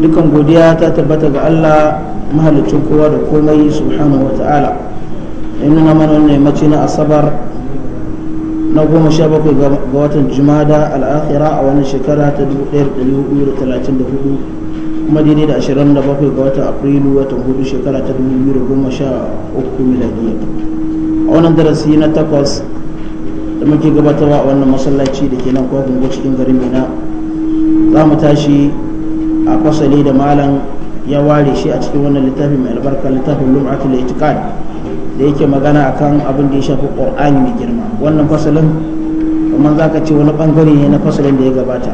dukan godiya ta tabbata ga Allah mahalicin kowa da komai subhanahu wa ta'ala in nuna mana wannan yammaci na asabar na goma sha bakwai ga watan jumada al'akhira a wani shekara ta 1434 kuma daidai da 27 ga watan afrilu watan hudu shekara ta 2013 miladiyya a wannan darasi na takwas da muke gabatarwa a wannan masallaci da ke nan kwakwungo cikin garin mina za mu tashi a fasali da malam ya ware shi a cikin wannan littafi mai albarka littafin lum'atul itiqad da yake magana akan abin da ya shafi qur'ani mai girma wannan fasalin kamar zaka ce wani bangare ne na fasalin da ya gabata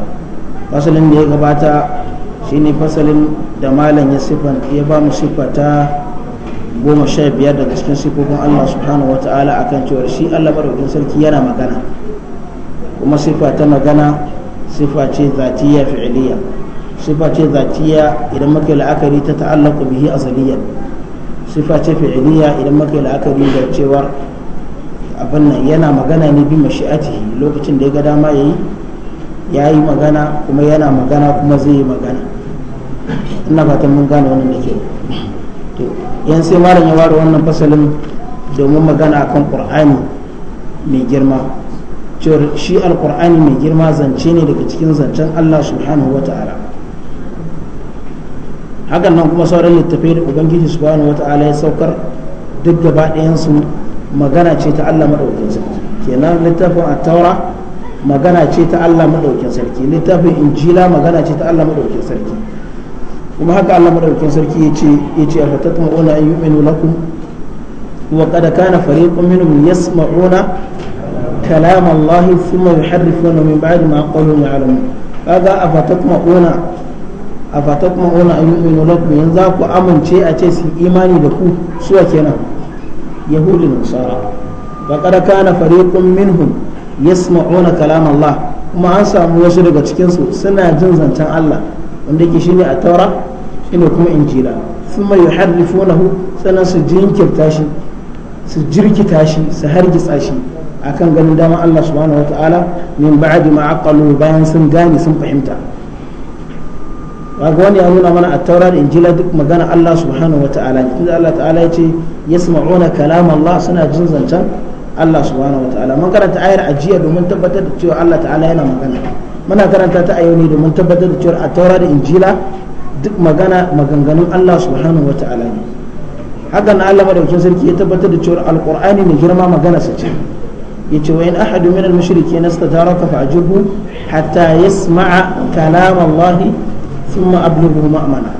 fasalin da ya gabata shine fasalin da malam ya sifan ya ba mu ta goma sha biyar daga cikin sifofin Allah subhanahu wata'ala akan cewar shi Allah barwakin sarki yana magana kuma sifa ta magana sifa ce zatiya fi'iliya sifa ce zatiya idan muka la'akari ta ta'allaka bihi asaliyan sifa ce fi'iliya idan muka la'akari da cewar abin nan yana magana ne bi mashi'atihi lokacin da ya ga dama yayi ya yi magana kuma yana magana kuma zai yi magana ina fatan mun gane wannan da kyau to yan sai malam ya ware wannan fasalin domin magana akan qur'ani mai girma cewar shi alqur'ani mai girma zance ne daga cikin zancen Allah subhanahu ta'ala hakan nan kuma sauran littafai da ubangiji subhanahu wata'ala ya saukar duk gaba ɗayansu magana ce ta Allah maɗaukin sarki kenan littafin taura magana ce ta Allah maɗaukin sarki littafin injila magana ce ta Allah maɗaukin sarki kuma haka Allah maɗaukin sarki ya ce ya ce fa tatma'una an yu'minu lakum wa qad kana fariqun minhum yasma'una kalam Allah thumma yuharrifuna min ba'di ma qalu ya'lamun kaga afa tatma'una a fata kuma wani ayyukan lakum yanzu za ku amince a ce su imani da ku suwa kenan yahudin da nasara ba kada kana fariqun minhum yasma'una kalam Allah kuma an samu wasu daga cikin su suna jin zancen Allah wanda yake shine a taura shine kuma injila thumma yuharrifunahu sannan su jinkirta shi su jirkita shi su hargitsa shi akan ganin dama Allah subhanahu wataala min ba'di ma aqalu bayan sun gane sun fahimta kaga wani ya nuna mana attaura da injila duk magana Allah subhanahu wa ta'ala ne tunda Allah ta'ala ya ce yasma'una kalam Allah suna jin zancen Allah subhanahu wa ta'ala mun karanta ayar ajiya domin tabbatar da cewa Allah ta'ala yana magana muna karanta ta ayo domin tabbatar da cewa attaura da injila duk magana maganganun Allah subhanahu wa ta'ala ne haka na Allah madaukakin sarki ya tabbatar da cewa alqur'ani ne girma magana sa ce yace wa in ahadu min al-mushrikeena istataraka fa'jibhu hatta yasma'a kalam Allah ثم أبلغه مأمنا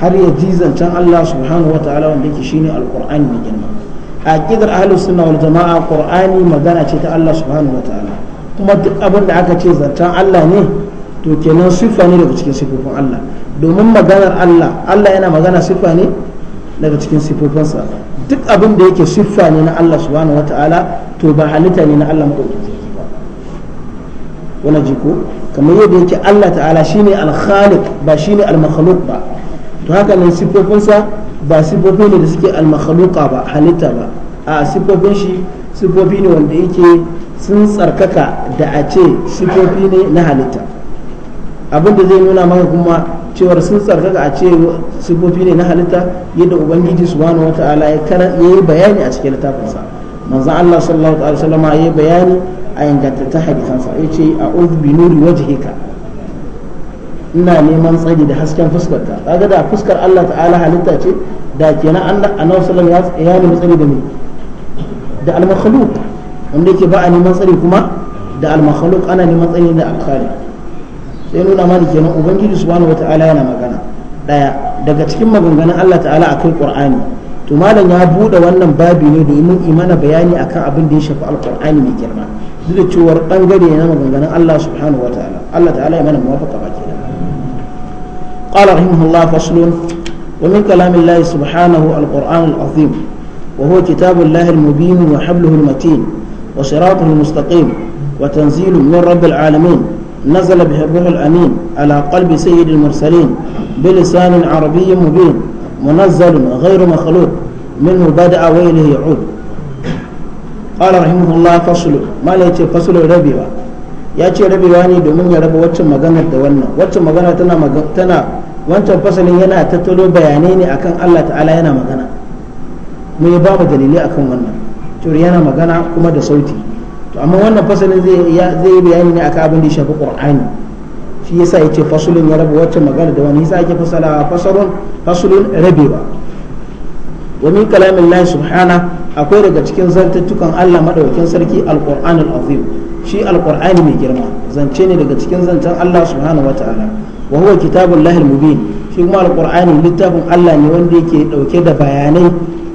har ya ji zancen Allah subhanahu wataala wanda yake shine alqur'ani mai girma a kidar ahlus sunna wal jama'a qur'ani magana ce ta Allah subhanahu wataala kuma duk abin da aka ce zancen Allah ne to kenan siffa ne daga cikin sifofin Allah domin maganar Allah Allah yana magana siffa ne daga cikin sifofinsa duk abin da yake siffa ne na Allah subhanahu wataala to ba halitta ne na Allah madaukakin wani jiko kamar yadda yake Allah ta'ala shine al-khaliq ba shine al-makhluq ba to haka nan ba sifofi ne da suke al-makhluqa ba halitta ba a sifofin shi siffofi ne wanda yake sun tsarkaka da a ce ne na halitta abin da zai nuna maka kuma cewar sun tsarkaka a ce siffofi ne na halitta yadda ubangiji subhanahu wata'ala ya yi bayani a cikin littafinsa manzon Allah sallallahu alaihi wasallama ya yi bayani a ingantattun hadisansa ya ce a uzu bi nuri heka ina neman tsari da hasken ta kaga da fuskar Allah ta'ala halitta ce da kenan Allah annabi sallallahu alaihi wasallam ya nemi tsari da ni da al-makhluq wanda yake ba a neman tsari kuma da al-makhluq ana neman tsari da alkhari sai nuna mana kenan ubangiji subhanahu wataala yana magana daya daga cikin maganganun Allah ta'ala akwai qur'ani to malam ya bude wannan babi ne domin imana bayani akan abin da ya shafi al-qur'ani mai girma duk da cewar bangare na maganganun Allah subhanahu wataala Allah ta'ala ya mana muwafaqa baki da qala rahimahullah faslun wa min kalamillahi subhanahu alquran alazim وهو كتاب الله المبين وحبله المتين وصراطه المستقيم وتنزيل من رب العالمين نزل به الروح الأمين على قلب سيد المرسلين بلسان عربي مبين منزل غير مخلوق منه بدأ وإليه يعود qala rahimahullah faslu mala yace faslu rabewa ya ce rabewa ne domin ya raba waccan maganar da wannan waccan magana tana tana wancan fasalin yana tattalo bayanai ne akan Allah ta'ala yana magana mu ya ba mu dalilai akan wannan to yana magana kuma da sauti to amma wannan fasalin zai zai yi bayani ne akan abin da ya shafi Qur'ani shi yasa ya ce fasulun ya raba waccan magana da wannan yasa ake fasala fasalun fasulun rabewa wa min kalamillahi subhanahu akwai daga cikin zantattukan Allah madaukakin sarki alqur'anul azim shi alqur'ani mai girma zance ne daga cikin zancen Allah subhanahu wataala wa huwa kitabul lahil mubin shi kuma alqur'ani littafin Allah ne wanda yake dauke da bayanai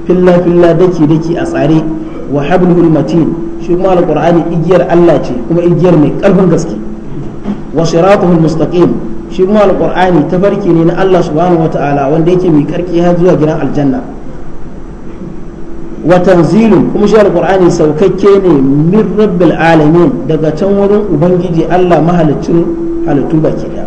filla filla daki daki a tsare wa hablul matin shi kuma alqur'ani igiyar Allah ce kuma igiyar mai karfin gaske wa siratuhul mustaqim shi kuma alqur'ani tafarki ne na Allah subhanahu wataala wanda yake mai karki har zuwa gidan aljanna watanzilu tanzilun kuma shi alqur'ani saukakke ne min rabbil alamin daga can wurin ubangiji Allah mahaliccin halittu baki daya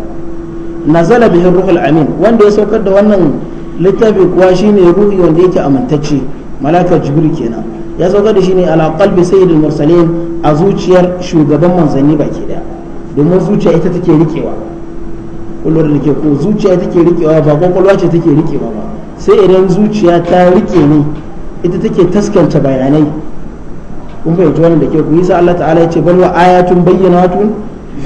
nazala bihi ruhul amin wanda ya saukar da wannan littafi kuwa shine ruhi wanda yake amintacce malaka jibril kenan ya saukar da shine ala qalbi sayyidil mursalin a zuciyar shugaban manzanni baki daya domin zuciya ita take rikewa kullum da ke ko zuciya take rikewa ba kwakwalwa ce take rikewa ba sai idan zuciya ta rike ne ita take taskance bayanai kun fahimci wannan da ke ku yasa Allah ta'ala ya ce bal wa ayatun bayyinatun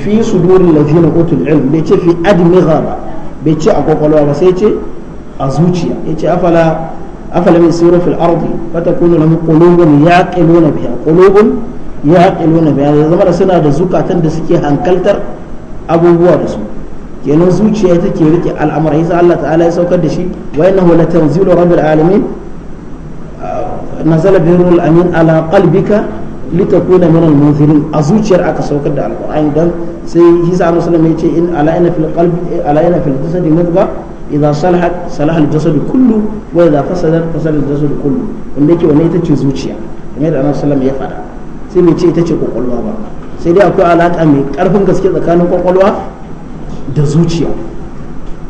fi sudurin lafiyar otul ilm bai ce fi admiha ba bai ce a kwakwalwa ba sai ce a zuciya ya ce afala afala min sura fil ardi fata kunu lahum qulubun yaqiluna biha qulubun yaqiluna biha ya zama da suna da zukatan da suke hankaltar abubuwa da su kenan zuciya take rike al'amara yasa Allah ta'ala ya saukar da shi wa innahu latanzilu rabbil alamin nazala birrul amin ala qalbika litakuna min al-munzirin a zuciyar aka saukar da alqur'ani dan sai hisa musulmi ya ce in ala ina fil qalbi ala ina fil jasadi mudghah idza salahat salaha al-jasad kullu wa idza fasadat fasada al-jasad kullu wanda yake wannan ita ce zuciya kamar da annabi sallallahu ya faɗa sai mai ce ita ce kwakwalwa ba sai dai akwai alaka mai karfin gaske tsakanin kwakwalwa da zuciya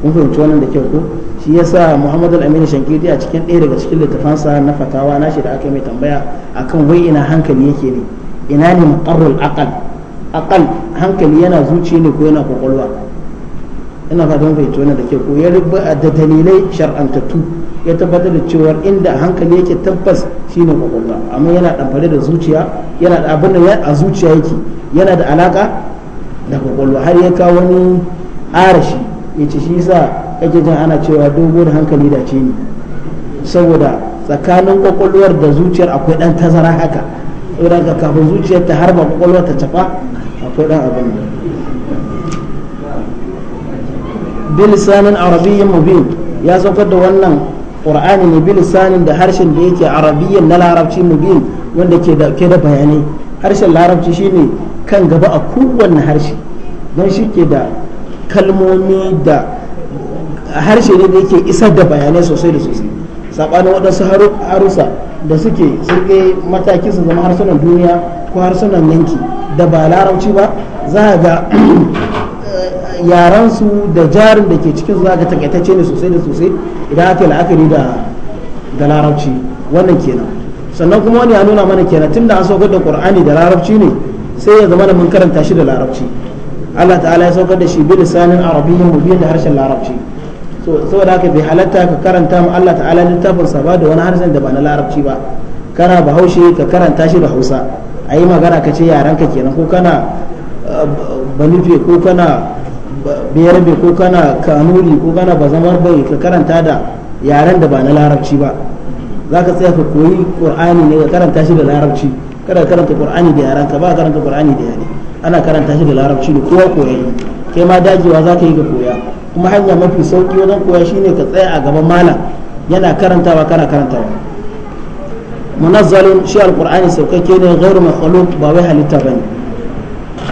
kun fahimci wannan da kyau ko shi yasa muhammad al-amin shankidi a cikin ɗaya daga cikin littafansa na fatawa shi da aka mai tambaya akan wai ina hankali yake ne ina ne maƙarar aƙal aƙal hankali yana zuci ne ko yana kwakwalwa ina fatan fahimci wannan da ke ko ya rubuta da dalilai shar'antattu ya tabbatar da cewa inda hankali yake tabbas shine kwakwalwa amma yana ɗanfare da zuciya yana da abin da a zuciya yake yana da alaƙa da kwakwalwa har ya kawo wani arashi ya ce shi sa. yake jin ana cewa dogo da hankali da ce ne saboda tsakanin kwakwalwar da zuciyar akwai dan tazara haka saboda ka kafa zuciyar ta harba kwakwalwar ta cafa akwai dan abin bilisanin arabiyyin mubin ya saukar da wannan qur'ani ne bilisanin da harshen da yake arabiyyin na larabci mubin wanda ke da ke da bayanai harshen larabci shine kan gaba a kowanne harshe don shi ke da kalmomi da a harshe ne da yake isar da bayanai sosai da sosai saɓanin waɗansu harusa da suke sun kai mataki su zama harsunan duniya ko harsunan yanki da ba larabci ba za a ga eh, yaransu da jarin da ke cikin za ga takaitacce ne sosai da sosai idan aka yi la'akari da larabci wannan kenan sannan kuma wani ya nuna mana kenan tunda an saukar da qur'ani da larabci ne sai ya zama da mun karanta shi da larabci Allah ta'ala ya saukar da shi bi lisanin arabiyyin mubin da harshen larabci saboda haka bai halatta ka karanta mu Allah ta'ala littafin sa ba da wani harshen da ba na larabci ba kana bahaushe ka karanta shi da hausa a yi magana ka ce yaran ka kenan ko kana uh, banife ko kana berabe ko kana kanuri ko kana bazamar bai ka karanta da yaran da ba na larabci ba za ka tsaya ka koyi qur'ani ne ka karanta shi da larabci kada karanta qur'ani da yaran ka ba karanta qur'ani da yare ana karanta shi da larabci ne kowa koyayi kai ma dajewa za ka yi ka koya kuma hanya mafi sauki wajen koya shine ka tsaya a gaban malam yana karantawa kana karantawa munazzalun shi alqur'ani saukakke ne ghairu makhluq ba wai halitta bane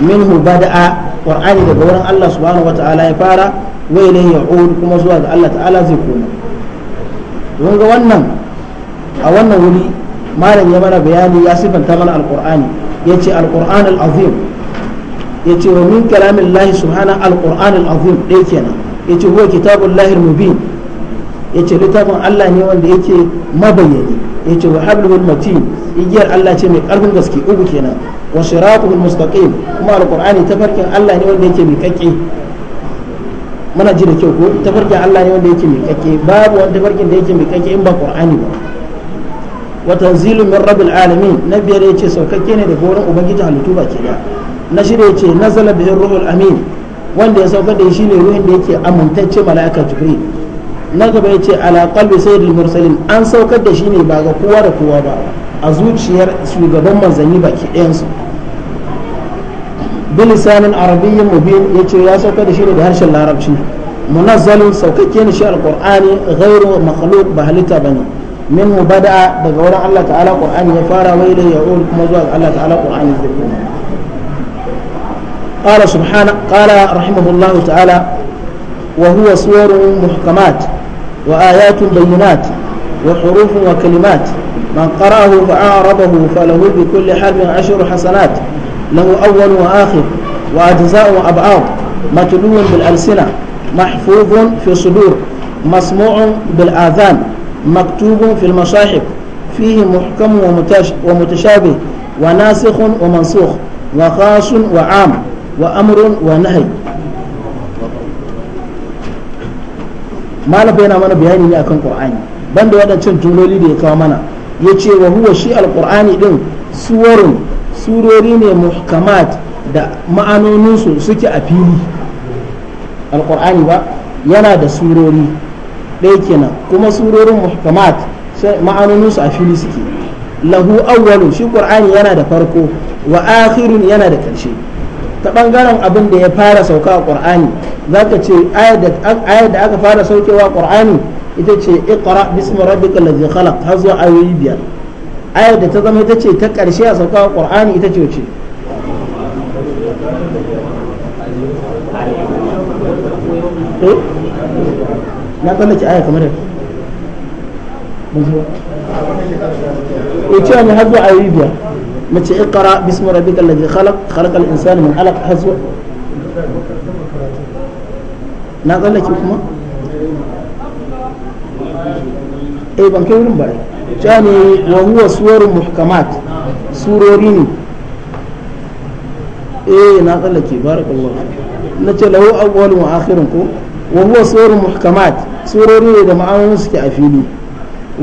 minhu bada'a qur'ani daga wurin Allah subhanahu wata'ala ya fara wa ilayhi ya'ud kuma zuwa ga Allah ta'ala zai koma don ga wannan a wannan wuri malam ya mana bayani ya sifanta mana alqur'ani yace alqur'an al-azim yace wa min kalamillahi Allah subhanahu alqur'an al-azim dai kenan ya yace huwa kitabullahi mubin yace littafin Allah ne wanda yake mabayyani ce wa hablul matin igiyar Allah ce mai karfin gaske uku kenan wa siratul mustaqim kuma alqur'ani tafarkin Allah ne wanda yake miƙaƙe muna ji da kyau ko tafarkin Allah ne wanda yake miƙaƙe babu wani tafarkin da yake miƙaƙe in ba qur'ani ba wa tanzilun min rabbil alamin na biyar yace saukakke ne daga wurin ubangiji halittu ba ke da na shirya yace nazala bihir ruhul amin wanda ya saukar da shi ne ruwan da yake amintacce mala'ika jibril na gaba ya ce ala qalbi sayyidul mursalin an saukar da shi ne ba ga kowa da kowa ba a zuciyar shugaban manzanni baki ɗayansu bilisanin arabiyyin mubin ya ce ya saukar da shi ne da harshen larabci munazzalin saukakke ne shi alqur'ani ghairu makhluq ba halitta bane min mubada daga wurin Allah ta'ala qur'ani ya fara wailai ya'ul kuma zuwa Allah ta'ala qur'ani zai قال سبحانه قال رحمه الله تعالى وهو صور محكمات وآيات بينات وحروف وكلمات من قرأه فأعرضه فله بكل حرف عشر حسنات له أول وآخر وأجزاء وأبعاد متلو بالألسنة محفوظ في الصدور مسموع بالآذان مكتوب في المصاحف فيه محكم ومتشابه وناسخ ومنسوخ وخاص وعام wa وأمر ونهي ما yana mana bayani ne akan Qur'ani banda wadancan jumloli da ya kawo mana yace wa huwa shi alqur'ani din suwarun surori ne muhkamat da su suke a fili alqur'ani ba yana da surori ɗaya kenan kuma surorin muhkamat su a fili suke lahu awwalu shi qur'ani yana da farko wa akhirun yana da ƙarshe ta bangaren abin da ya fara sauka a qur'ani zaka ce ayar da aka fara saukewa qur'ani ita ce iqra bismi rabbikal ladzi khalaq har zuwa ayoyi biyar ayar da ta zama ita ce ta karshe a sauka a qur'ani ita ce wace eh? na tsallake aya kamar yadda ya eh, ce har zuwa ayoyi biyar nace iqra bismi rabbikal ladhi khalaq khalaqal insana min alaq hazwa na tsallake kuma eh ban kai wurin ba ja ne wa huwa suwarun muhkamat surori ne eh na tsallake barakallahu nace lahu awwalun wa akhirun ko wa huwa suwarun muhkamat surori ne da ma'anonin suke a fili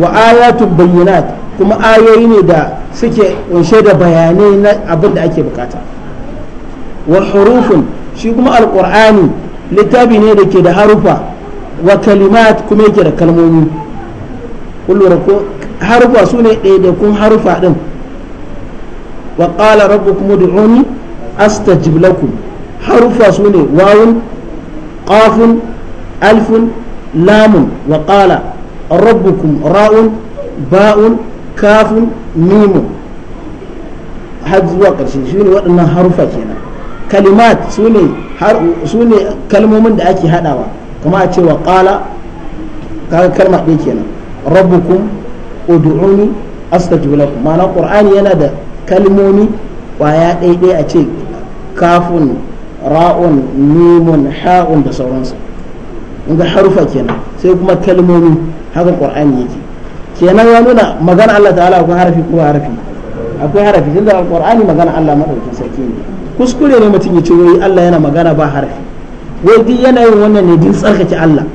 wa ayatul bayyinat kuma ayoyi ne da suke kunshe da bayanai na abin da ake bukata wa hurufun shi kuma alqur'ani littafi ne da ke da harufa wa kalimat kuma yake da kalmomi kullura ko harufa su ne ɗaiɗaikun harufa ɗin wa qala rabbukum ud'uni astajib lakum harufa su ne wawun qafun alfun lamun wa rabu rabbukum ra'un ba'un kafin mimu har zuwa ƙarshe shi ne waɗannan harufa kenan kalimat su ne kalmomin da ake haɗawa kuma a cewa ƙala kaga kalma ɗaya kenan rabbukum ud'uni astajib lakum ma'ana qur'ani yana da kalmomi ƙwaya ɗaya a ce kafin ra'un mimun ha'un da sauransu inda harufa kenan sai kuma kalmomi haka ƙur'ani yake kenan ya nuna magana Allah ta'ala akwai harafi kuma harafi akwai harafi tunda alqur'ani magana Allah madaukakin sarki ne kuskure ne mutum ya ce wai Allah yana magana ba harafi wai duk yana yin wannan ne din tsarkake Allah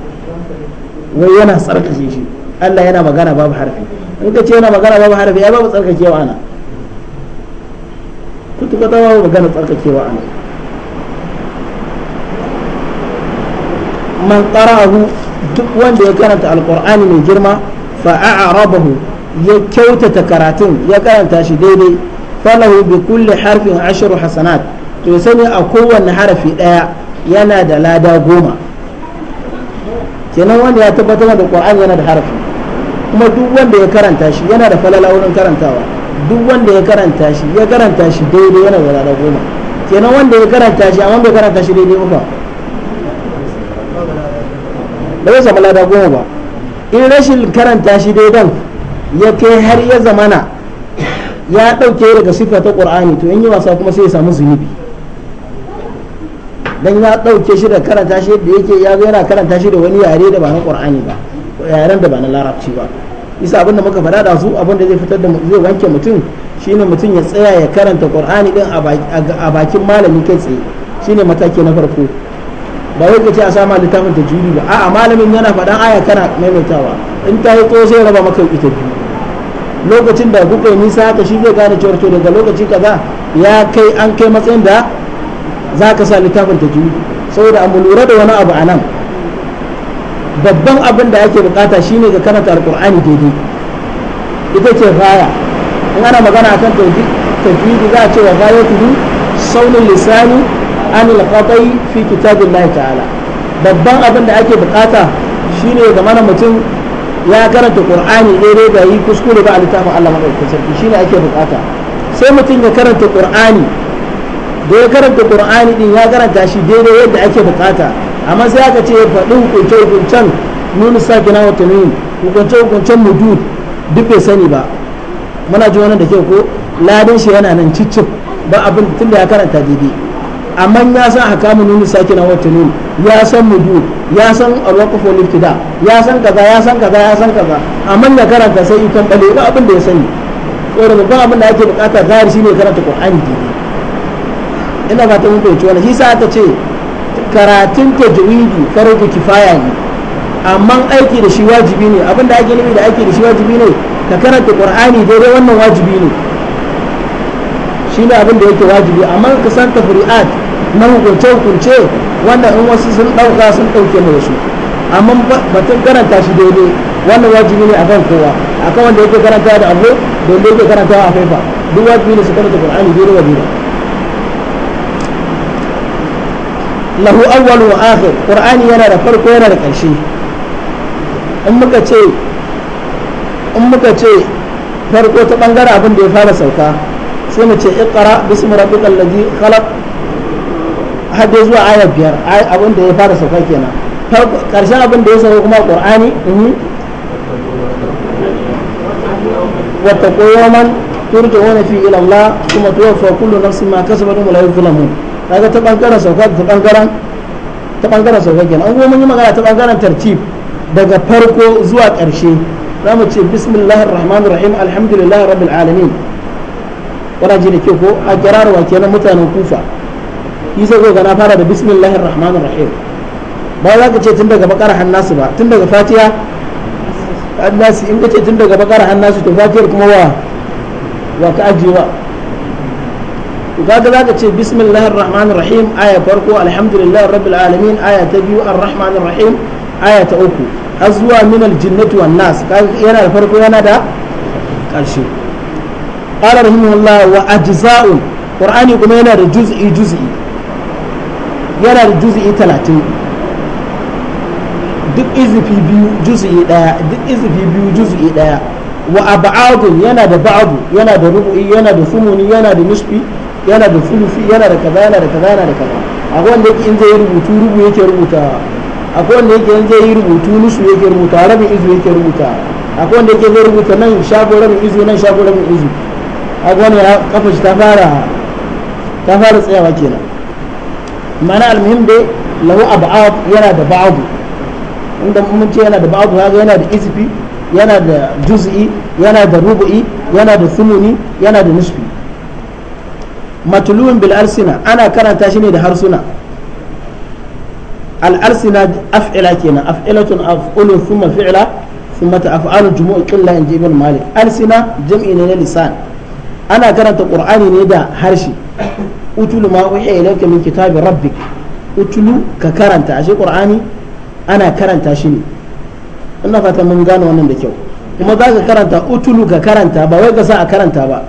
wai yana tsarkake shi Allah yana magana babu harafi in ka ce yana magana babu harafi ya babu tsarkakewa ana kutu kwata babu magana tsarkakewa ana man qara'ahu duk wanda ya karanta alqur'ani mai girma a fa'arabahu ya kyautata karatun ya karanta shi daidai falahu bi kulli harfin ashiru hasanat to sani a kowanne harafi daya yana da lada goma kenan wanda ya tabbatar da qur'ani yana da harafi kuma duk wanda ya karanta shi yana da falala wurin karantawa duk wanda ya karanta shi ya karanta shi daidai yana da lada goma kenan wanda ya karanta shi amma bai karanta shi daidai ba ba zai samu lada ba in rashin karanta shi daidan ya kai har ya zamana ya ɗauke daga siffa ta ƙur'ani to in yi wasa kuma sai ya samu zunubi dan ya ɗauke shi da karanta shi da yake ya zo yana karanta shi da wani yare da ba na ƙur'ani ba yaren da ba na larabci ba isa abinda muka faɗa da su abinda zai fitar da zai wanke mutum shine mutum ya tsaya ya karanta ƙur'ani din a bakin malami kai tsaye shine mataki na farko ba wai kace a sama littafin tajwidi ba a'a malamin yana faɗan aya kana maimaitawa in ta yi tsawo sai raba maka ita biyu lokacin da kuka yi nisa haka shi zai gane cewar to daga lokaci kaza ya kai an kai matsayin da za ka sa littafin tajwidi saboda a lura da wani abu a nan babban abin da ake bukata shi ne ga karanta alkur'ani daidai ita ce raya in ana magana akan tajwidi za a ce wa raya tudu saunin lisani anil khatai fi kitabillahi ta'ala babban abin da ake bukata shine ga mana mutum ya karanta qur'ani daidai da yi kuskure ba a littafin Allah madaukakin sarki shine ake bukata sai mutum ya karanta qur'ani da ya karanta qur'ani din ya karanta shi daidai yadda ake bukata amma sai aka ce faɗi hukunce hukuncen nuna sa gina wata nuni hukunce hukuncen mudud duk bai sani ba muna ji wannan da ke ko ladin shi yana nan cicif ba abin tun da ya karanta daidai amma ya san hakamu nunu sakin wata nun ya san mudu ya san alwaqfu liftida ya san kaza ya san kaza ya san kaza amma ya karanta sai ikon bale ba abin da ya sani saboda babban abin da ake bukata zahiri shine karanta qur'ani ina fata mun fahimci wannan shi sa aka ce karatun tajwidi farko kifaya ne amma aiki da shi wajibi ne abin da ake nufi da aiki da shi wajibi ne ka karanta qur'ani daidai wannan wajibi ne ne abin da yake wajibi amma ka san tafri'at na hukunce-hukunce wanda in wasu sun ɗauka sun ɗauke na wasu amma batun karanta shi daidai wannan wajibi ne akan kowa a kan wanda yake karanta da abu da wanda yake karanta a faifa duk wajibi ne su karanta qur'ani daidai wa daidai lahu awwal wa akhir qur'ani yana da farko yana da ƙarshe in muka ce in muka ce farko ta bangare abin da ya fara sauka sai mu ce iqra bismi rabbikal ladhi khalaq har dai zuwa ayar biyar abin da ya fara sauka kenan karshen abin da ya sauka kuma qur'ani mhm. wattaqu yawman turja'una fi ila Allah kuma tuwaffa kullu nafsin ma kasabat wa la yuzlamun kaga ta bangaren sauka ta bangaren ta bangaren sauka kenan an mun yi magana ta bangaren tartib daga farko zuwa karshe zamu ce bismillahir rahmanir rahim alhamdulillahi rabbil alamin wannan ji da ke ko a kirarwa kenan mutanen kufa yasa zai gana fara da bismillahir rahmanir rahim ba za ka ce tun daga bakara hannasu ba tun daga fatiha hannasu in ka tun daga bakara hannasu to fatihar kuma wa wa ka ajiyewa kaga za ka ce bismillahir rahmanir rahim aya farko alhamdulillahi rabbil alamin aya ta biyu arrahmanir rahim aya ta uku har zuwa min aljinnati wan nas yana da farko yana da karshe qala rahimahullah wa ajza'un qur'ani kuma yana da juz'i juz'i yana da juzi'i talatin duk izifi biyu juzi'i daya duk izifi biyu juzi'i daya wa abadun yana da ba'adu yana da rubu'i yana da sumuni yana da nishfi yana da sulufi yana da kaza yana da kaza yana da kaza akwai wanda yake in zai rubutu rubu yake rubuta akwai wanda yake in zai rubutu nusu yake rubuta rabin izu yake rubuta akwai wanda yake zai rubuta nan shago rabin izu nan shago rabin izu akwai wanda kafa shi ta fara ta fara tsayawa kenan mana almuhim dai lahu ab'ad yana da ba'adu inda mun ce yana da ba'adu kaga yana da isfi yana da juz'i yana da rubu'i yana da thumuni yana da nisfi matluwin bil alsina ana karanta shi ne da harsuna al alsina af'ila kenan af'ilatun af'ulun thumma fi'la thumma ta'afalu jumu'u qilla in ibn malik alsina jam'i ne na lisan ana karanta qur'ani ne da harshe utulu ma uhiya ilayka min kitabi rabbik utulu ka karanta ashe qur'ani ana karanta shi ne ina fata mun gane wannan da kyau kuma za ka karanta utulu ka karanta ba wai ka sa a karanta ba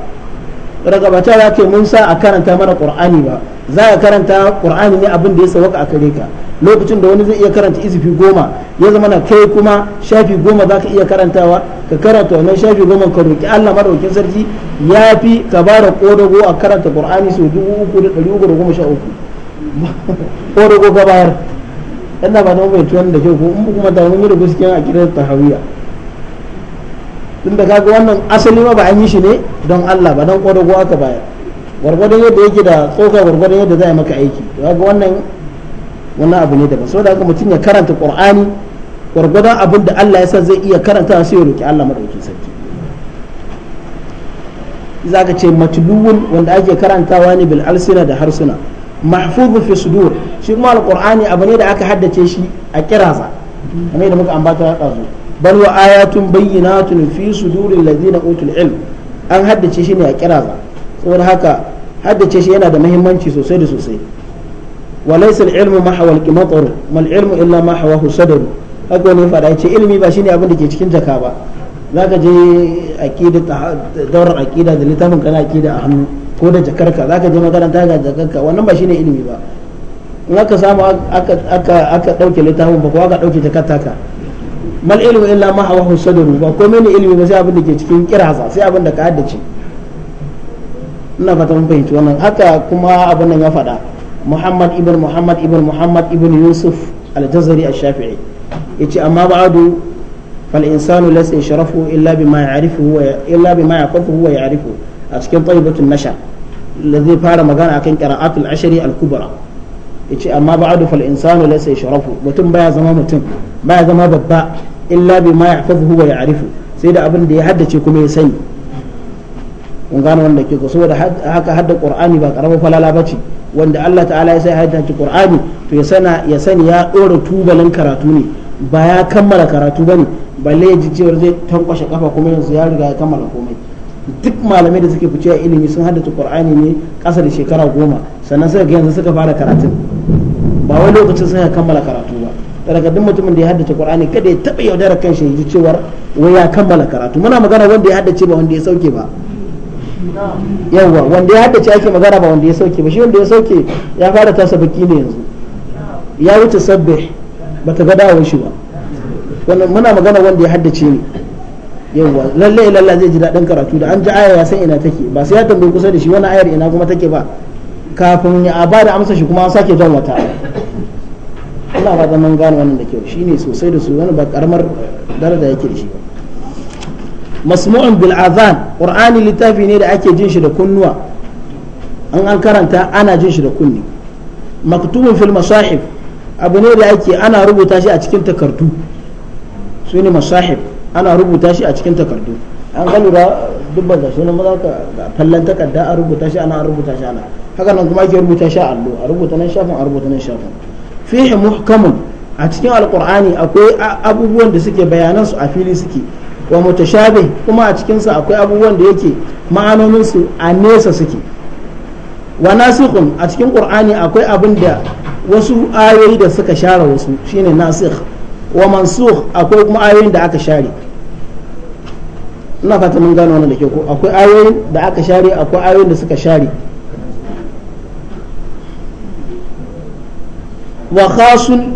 ragabata za ka mun sa a karanta mana qur'ani ba za ka karanta qur'ani ne abin da ya sauka a kare ka lokacin da wani zai iya karanta izifi goma ya zama na kai kuma shafi goma za ka iya karantawa ka karanta wannan shafi goma ka roki Allah maraukin sarki ya fi ka ba da kodago a karanta qur'ani sau dubu uku da ɗari uku da goma sha uku kodago ka bayar ba na tuwon da kyau ko in kuma da wani da a kiran tahawiyya tun da kaga wannan asali ma ba an yi shi ne don Allah ba don kwadago aka baya gwargwadon yadda yake da tsoka gwargwadon yadda za a maka aiki kaga wannan wannan abu ne daban saboda haka mutum ya karanta qur'ani gwargwadon abin da Allah ya sa zai iya karanta sai ya roki Allah madaukakin sarki za ka ce matluwun wanda ake karantawa ne bil alsina da harsuna mahfuzu fi sudur shi kuma alqur'ani abu ne da aka haddace shi a kiraza kamar da muka ambata ya ɗazu bal wa ayatun bayyinatun fi suduril ladina utul ilm an haddace shi ne a kiraza saboda haka haddace shi yana da muhimmanci sosai da sosai wa laysa al ilmu ma hawa qimatar mal ilmu illa ma hawa sadr haka wani fada yace ilmi ba shine abin da ke cikin jaka ba zaka je aqida daurar aqida da littafin kana aqida a hannu ko da jakarka zaka je makaranta ga jakarka wannan ba shine ilmi ba in aka samu aka aka dauke littafin ba ko aka dauke jakarta ka mal ilmu illa ma hawa sadaru ba komai ne ilimi ba sai abin da ke cikin kiraza sai abin da ka haddace ina fata fahimci wannan haka kuma abin nan ya faɗa muhammad ibn muhammad ibn muhammad ibn yusuf al-jazari al-shafi'i yace amma ba'adu fal insanu laysa sharafu illa bima ya'rifuhu wa illa bima yaqafuhu wa ya'rifu a cikin tayyibatun nasha da zai fara magana akan qira'atul ashri al-kubra yace amma ba'adu fal insanu laysa sharafu mutum baya zama mutum baya zama babba illa bima yahfazuhu wa ya'rifu sai da abin da ya haddace kuma ya sani kun gane wanda ke ko saboda haka hadda qur'ani ba karamar falala bace wanda Allah ta'ala ya sai haddace qur'ani to ya sana ya sani ya dora tubalin karatu ne ba ya kammala karatu bane balle ya ji cewa zai tankwashe kafa kuma yanzu ya riga ya kammala komai duk malamai da suke fice a ilimi sun haddace qur'ani ne kasa da shekara goma sannan suka ga yanzu suka fara karatun ba wani lokacin sun ya kammala karatu ba daga mutumin da ya haddace ƙwarani kada ya taba yaudara kan shi ji cewar wai ya kammala karatu muna magana wanda ya haddace ba wanda ya sauke ba yawa wanda ya haddace ake magana ba wanda ya sauke ba shi wanda ya sauke ya fara tasa baki ne yanzu ya wuce sabbe ta ga dawon shi ba muna magana wanda ya haddace ne yawa lalle lalle zai ji daɗin karatu da an ji aya ya san ina take ba sai ya tambayi kusa da shi wani ayar ina kuma take ba kafin a ba da amsa shi kuma an sake jan wata ina ba zaman gane wannan da kyau shine sosai da su wani ba karamar daraja yake da shi ba masmu'un bil azan qur'ani littafi ne da ake jin shi da kunnuwa an an karanta ana jin shi da kunni maktubun fil masahif abu ne da ake ana rubuta shi a cikin takardu su ne masahif ana rubuta shi a cikin takardu an ga lura duk ban sunan maza ka fallan takarda a rubuta shi ana a rubuta shi ana haka nan kuma ake rubuta shi a allo a rubuta nan shafin a rubuta nan shafin fihi muhkamun a cikin alqur'ani akwai abubuwan da suke bayanan su a fili suke wa mutashabi kuma a cikin sa akwai abubuwan da yake ma'anonin su a nesa suke wa nasikhun a cikin qur'ani akwai abin da wasu ayoyi da suka share wasu shine nasikh wa mansukh akwai kuma ayoyin da aka share ina fata mun gano wannan da ke ko akwai ayoyin da aka share akwai ayoyin da suka share wa khasun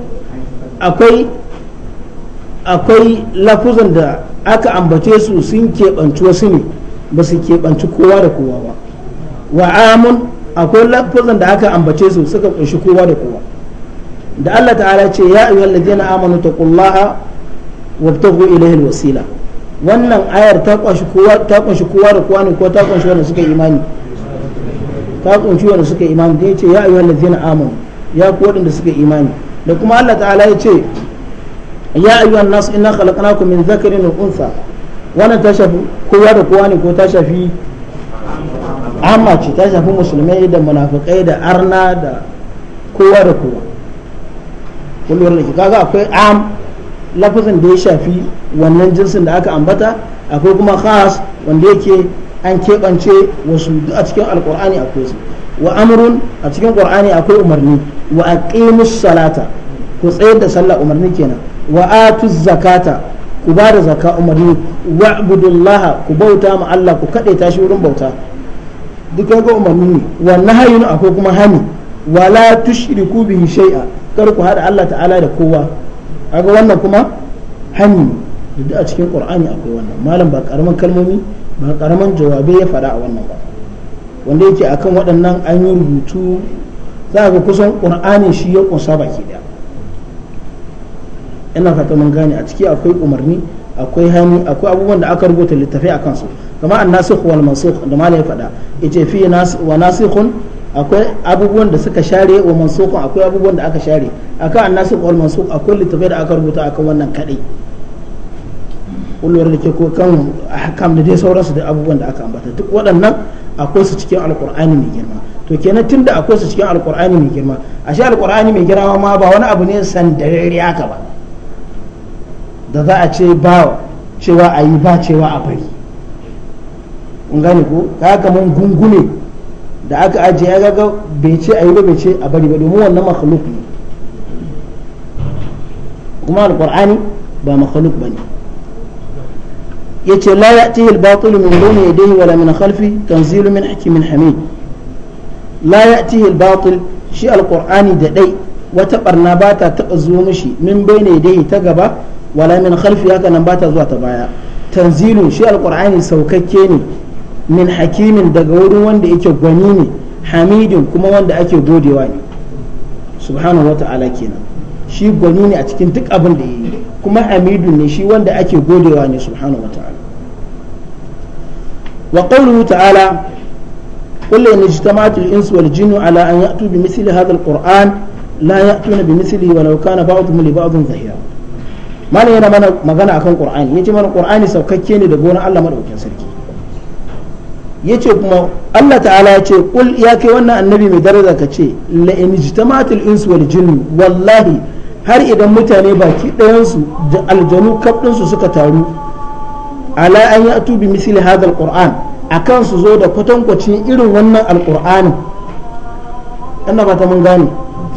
akwai akwai lafuzan da aka ambace su sun keɓanci wasu ne ba su keɓanci kowa da kowa ba wa amun akwai lafuzan da aka ambace su suka kunshi kowa da kowa da Allah ta'ala ce ya ayyuhal ladina amanu taqullaha wabtaghu ilayhi alwasila wasila wannan ayar ta kunshi kowa da kowa ne ko ta kunshi wanda suka imani ta kunshi wanda suka imani da ce ya ayyuhal ladzina amanu ya ku wadanda suka imani da kuma Allah ta'ala ya ce ya ayyuhan nas inna khalaqnakum min dhakarin wa untha wannan ta shafi kowa da kowa ne ko ta shafi amma ce ta shafi musulmai da munafikai da arna da kowa da kowa kullum da kaga akwai am lafazin da ya shafi wannan jinsin da aka ambata akwai kuma khas wanda yake an keɓance wasu a cikin alkur'ani akwai su wa amrun a cikin qur'ani akwai umarni wa aqimus salata ku tsayar da sallah umarni kenan wa atuz zakata ku ba da zaka umarni wa abudullaha ku bauta ma Allah ku kade ta shi wurin bauta duk ga umarni ne wa nahyun akwai kuma hani wa la tushriku bihi shay'a kar ku haɗa Allah ta'ala da kowa kaga wannan kuma hani duk a cikin qur'ani akwai wannan malam ba karaman kalmomi ba karaman jawabai ya faɗa a wannan ba wanda yake akan waɗannan an yi rubutu za ga kusan qur'ani shi ya kunsa baki ɗaya. ina fata mun gane a ciki akwai umarni akwai hani akwai abubuwan da aka rubuta littafai akan su kama an nasikh wal mansukh da malam ya faɗa yace fi nas wa nasikhun akwai abubuwan da suka share wa mansukun akwai abubuwan da aka share akan annasu wal mansuk akwai littafai da aka rubuta akan wannan kadai kullum da ke ko kan ahkam da dai sauransu da abubuwan da aka ambata duk waɗannan akwai su cikin alƙur'ani mai girma to kenan tunda akwai su cikin alƙur'ani mai girma ashe alƙur'ani mai girma ma ba wani abu ne sandarere haka ba da za a ce ba cewa a yi ba cewa a bari kun gane ko kaga mun gungume da aka ajiye ya ga bai ce a yi ba bai ce a bari ba domin wannan makhluk ne kuma alqur'ani ba makhluk bane yace la ya'tihi al-batil min ya yadayhi wala min khalfi tanzilu min hakimin hamid la ya'tihi al-batil shi alqur'ani da dai wata barna ba ta taba zuwa mishi min bai bayni yadayhi ta gaba wala min khalfi haka nan ba ta zuwa ta baya tanzilun shi alqur'ani saukakke ne min hakimin daga wurin wanda yake gwani ne hamidin kuma wanda ake godewa ne subhanahu wa ta'ala kenan shi gwani ne a cikin duk abin da yi kuma hamidun ne shi wanda ake godewa ne subhanahu wa ta'ala wa qawluhu ta'ala قل إن اجتمعت الإنس والجن على أن يأتوا بمثل هذا القرآن لا يأتون بمثله ولو كان بعضهم لبعض ظهيرا ما لي أنا مغنى أكون قرآني يجي من القرآن سوككيني دبونا الله سركي yace kuma Allah ta'ala ya ce kul ya kai wannan annabi mai daraja ka ce la in ijtama'atul ins wal wallahi har idan mutane baki ɗayan su da aljanu kaf su suka taru ala an ya'tu bi misli hadha alquran akan su zo da kwatankwacin irin wannan alqur'anin ina ba ta mun gane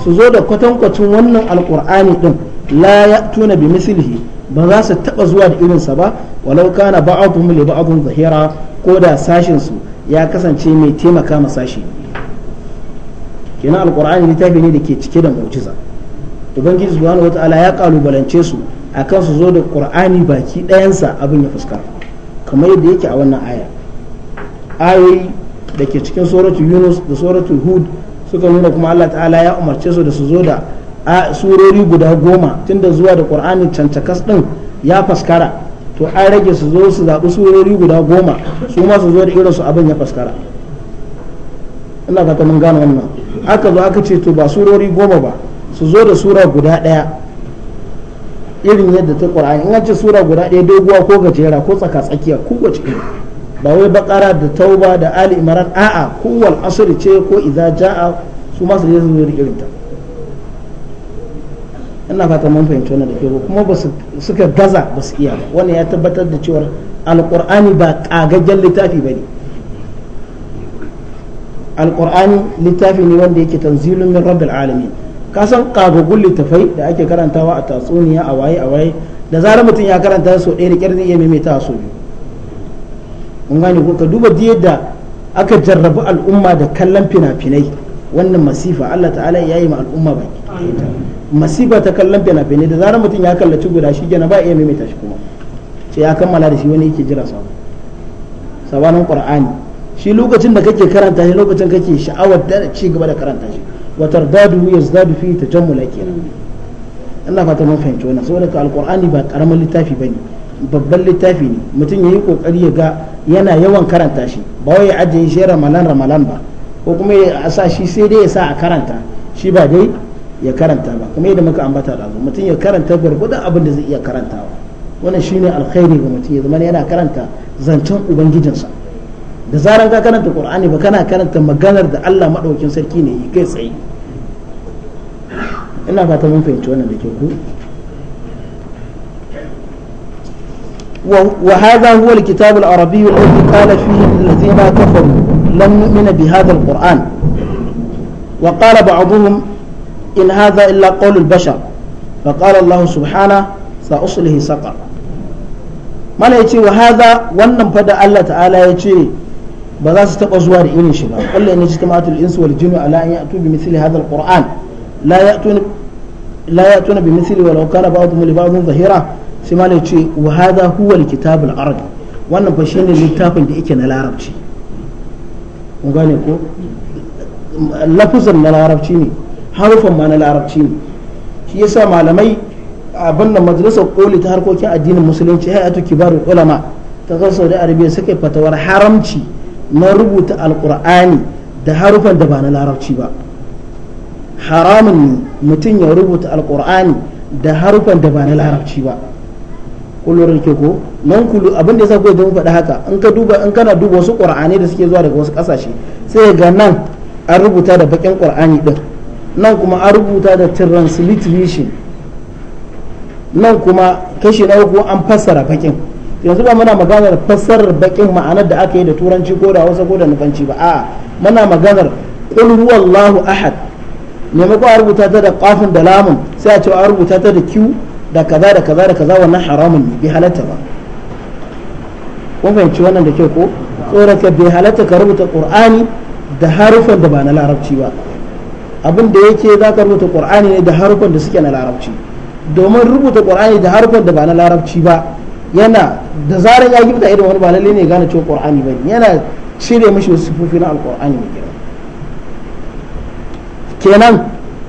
su zo da kwatankwacin wannan alqur'ani din la ya'tuna bi mislihi ba za su taba zuwa da irinsa ba walau kana ba'dhum li ba'dhin zahira ko da sashen su ya kasance mai taimaka ma sashi kenan alqur'ani littafi ne da ke cike da mu'jiza ubangiji subhanahu wataala ya kalubalance su akan su zo da qur'ani baki ɗayansa abin ya fuskara kamar yadda yake a wannan aya ayoyi da ke cikin suratul yunus da suratul hud suka nuna kuma Allah ta'ala ya umarce su da su zo da surori guda goma tunda zuwa da qur'ani cancakas din ya faskara to an rage su zo su zaɓi surori guda goma su ma su zo da irin su abin ya faskara ina fata mun gane wannan aka zo aka ce to ba surori goma ba su zo da sura guda ɗaya irin yadda ta ƙur'ani in an ce sura guda ɗaya doguwa ko gajera ko tsaka tsakiya ko wace ba wai bakara da tauba da ali imran a'a kowal asiri ce ko iza jaa su ma su zo da irin ta ina fata mun fahimci wannan da ke kuma ba suka gaza ba su iya wannan ya tabbatar da cewar alqur'ani ba kagaggen littafi ba ne alqur'ani littafi ne wanda yake tanzilun min rabbil alamin ka san kagaggun littafai da ake karantawa a tatsuniya a waye a waye da zarar mutum ya karanta sau ɗaya da kyar zai iya maimaita so biyu mun gane ko ka duba da aka jarrabu al'umma da kallon fina-finai wannan masifa Allah ta'ala ya yi ma al'umma baki masifa ta kallon fina-finai da zarar mutum ya kallaci guda shi gina ba iya maimaita shi kuma sai ya kammala da shi wani yake jira sa sabanin qur'ani shi lokacin da kake karanta shi lokacin kake sha'awar da ci gaba da karanta shi watar dadu ya zadu fi tajammula kenan ina fata mun fahimci wannan saboda ka alqur'ani ba karamin littafi bane babban littafi ne mutum ya yi kokari ya ga yana yawan karanta shi ba wai ya ajiye shi ramalan ramalan ba ko kuma ya sa shi sai dai ya sa a karanta shi ba dai ya karanta ba kuma yadda muka ambata da mutum ya karanta gwargwadon abin da zai iya karantawa wannan shine alkhairi ga mutum ya zama yana karanta zancen ubangijinsa da zaran ka karanta qur'ani ba kana karanta maganar da Allah madaukin sarki ne kai tsaye ina fata mun fahimci wannan da ke ku وهذا هو الكتاب العربي الذي قال فيه الذين كفروا لم نؤمن بهذا القرآن وقال بعضهم إن illa إلا bashar البشر فقال الله سبحانه سأصله سقر mana ya ce wa haza wannan fada Allah ta'ala ya ce ba za su taɓa zuwa da irin shi ba kullum ne jitamatul insu wal jinni ala an ya'tu bi mithli hadha al qur'an la ya'tuna la ya'tuna bi mithli walau kana ba'dhum li ba'dhin zahira sai mana ya ce wa haza huwa al kitab al wannan fa shine littafin da na larabci na larabci ne harufan ma na larabci ne shi yasa malamai abin da majalisar koli ta harkokin addinin musulunci ya hayatu kibarul ulama ta kasar saudi arabiya suka fatawar haramci na rubuta alkur'ani da harufan da ba na larabci ba haramun ne mutum ya rubuta alkur'ani da harufan da ba na larabci ba kullum ke ko nan kullu abin da sa ko da mun faɗi haka in ka duba in kana duba wasu qur'ani da suke zuwa daga wasu ƙasashe sai ga nan an rubuta da bakin qur'ani din nan kuma an rubuta da transliteration nan kuma kashi na uku an fassara bakin yanzu ba muna maganar fassarar bakin ma'anar da aka yi da turanci ko da wasa ko da nufanci ba a muna maganar qul huwallahu ahad maimakon a rubuta ta da kafin da lamun sai a ce a rubuta ta da q da kaza da kaza da kaza wannan haramun ne bi halatta ba kun fahimci wannan da kyau ko tsoraka bai halatta ka rubuta qur'ani da harufan da ba na larabci ba abin da yake za ka rubuta qur'ani ne da harukan da suke na larabci domin rubuta qur'ani da harukan da ba na larabci ba yana da zarar ya gifta irin wani ba ne gane cewa qur'ani ba yana cire mishi wasu sufufi na alqur'ani mai girma kenan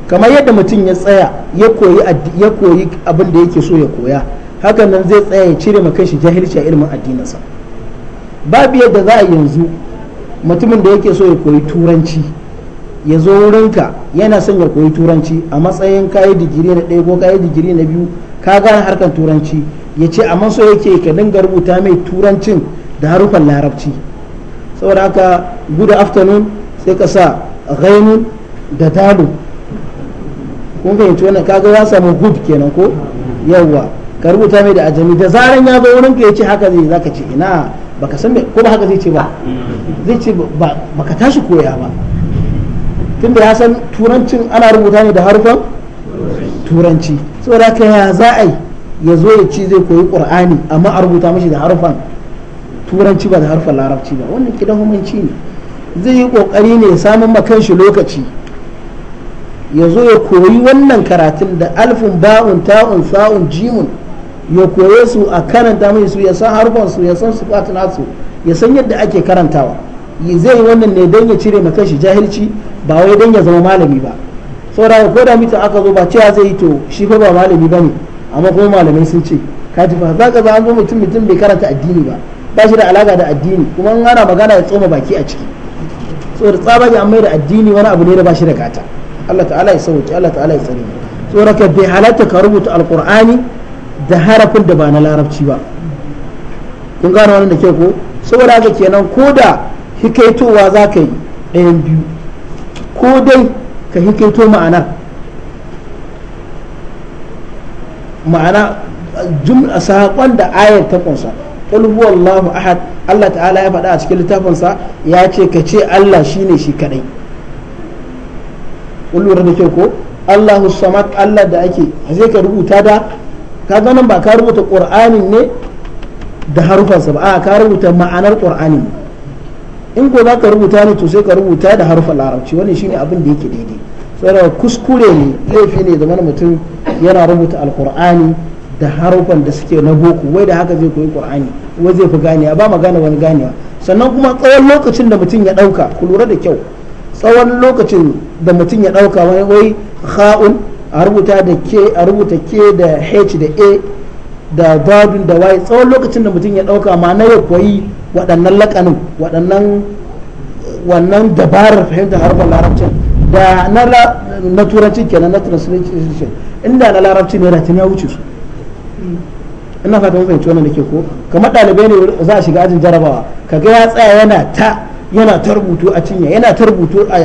kamar yadda mutum ya tsaya ya koyi ya koyi abin da yake so ya koya hakan nan zai tsaya ya cire ma shi jahilci a ilimin addininsa babu yadda za a yanzu mutumin da yake so ya koyi turanci ya zo wurinka yana son ya koyi turanci a matsayin kayi digiri na ɗaya ko kayi digiri na biyu ka gane harkar turanci ya ce amma so yake ka dinga rubuta mai turancin da harufan larabci saboda haka good afternoon sai ka sa ghainun da dalu kun fahimci wannan kaga ya samu good kenan ko yawwa ka rubuta mai da ajami da zaran ya zo wurin ka ya ce haka zai zaka ce ina baka san ko ba haka zai ce ba zai ce baka tashi koya ba tunda ya san turancin ana rubuta ne da harfan turanci saboda haka ya za a ya zo ya ci zai koyi qur'ani amma a rubuta mashi da harfan turanci ba da harfan larabci ba wannan kidan hukunci ne zai yi kokari ne ya samu makan shi lokaci ya zo ya koyi wannan karatun da alfin ba'un ta'un sa'un jimun ya koye su a karanta mai su ya san harfan su ya san su ya san yadda ake karantawa zai wannan ne don ya cire maka shi jahilci ba wai don ya zama malami ba saboda ko da mita aka zo ba cewa zai yi to shi fa ba malami ba ne amma kuma malamai sun ce kaji fa za ka za an zo mutum mutum bai karanta addini ba ba shi da alaka da addini kuma in ana magana ya tsoma baki a ciki da tsaba an mai da addini wani abu ne da ba shi da gata Allah ta'ala ya sauke Allah ta'ala ya tsare mu saboda ka bai halatta ka rubuta alqur'ani da harafin da ba na larabci ba kun gane wannan da kyau ko saboda haka kenan ko da hikaitowa za ka yi ɗayan biyu ko dai ka hikaito ma'anar ma'ana jumla saƙon da ayar ta ƙunsa qul allahu ahad Allah ta'ala ya faɗa a cikin littafinsa ya ce ka ce Allah shine shi kadai kun da kyau ko Allahu samad Allah da ake zai ka rubuta da ka ga ba ka rubuta qur'anin ne da harufansa ba a ka rubuta ma'anar qur'anin ne in ko za ka rubuta ne to sai ka rubuta da harfa larabci shi shine abin da yake daidai saboda kuskure ne laifi ne zaman mutum yana rubuta alkur'ani da harufan da suke na boko wai da haka zai koyi qur'ani wai zai fi gane ba magana wani ganewa sannan kuma tsawon lokacin da mutum ya dauka ku lura da kyau tsawon lokacin da mutum ya dauka wani wai kha'un a rubuta da ke a rubuta ke da h da a da dadun da y tsawon lokacin da mutum ya dauka ma na ya koyi waɗannan laƙanin waɗannan wannan dabarar fahimtar harfar larabcin da na turanci kenan na translation inda na larabci ne da tun ya wuce su ina fata mun fahimci wannan da ke ko kamar ɗalibai ne za a shiga ajin jarabawa kaga ya tsaya yana ta yana ta rubutu a cinya yana ta rubutu a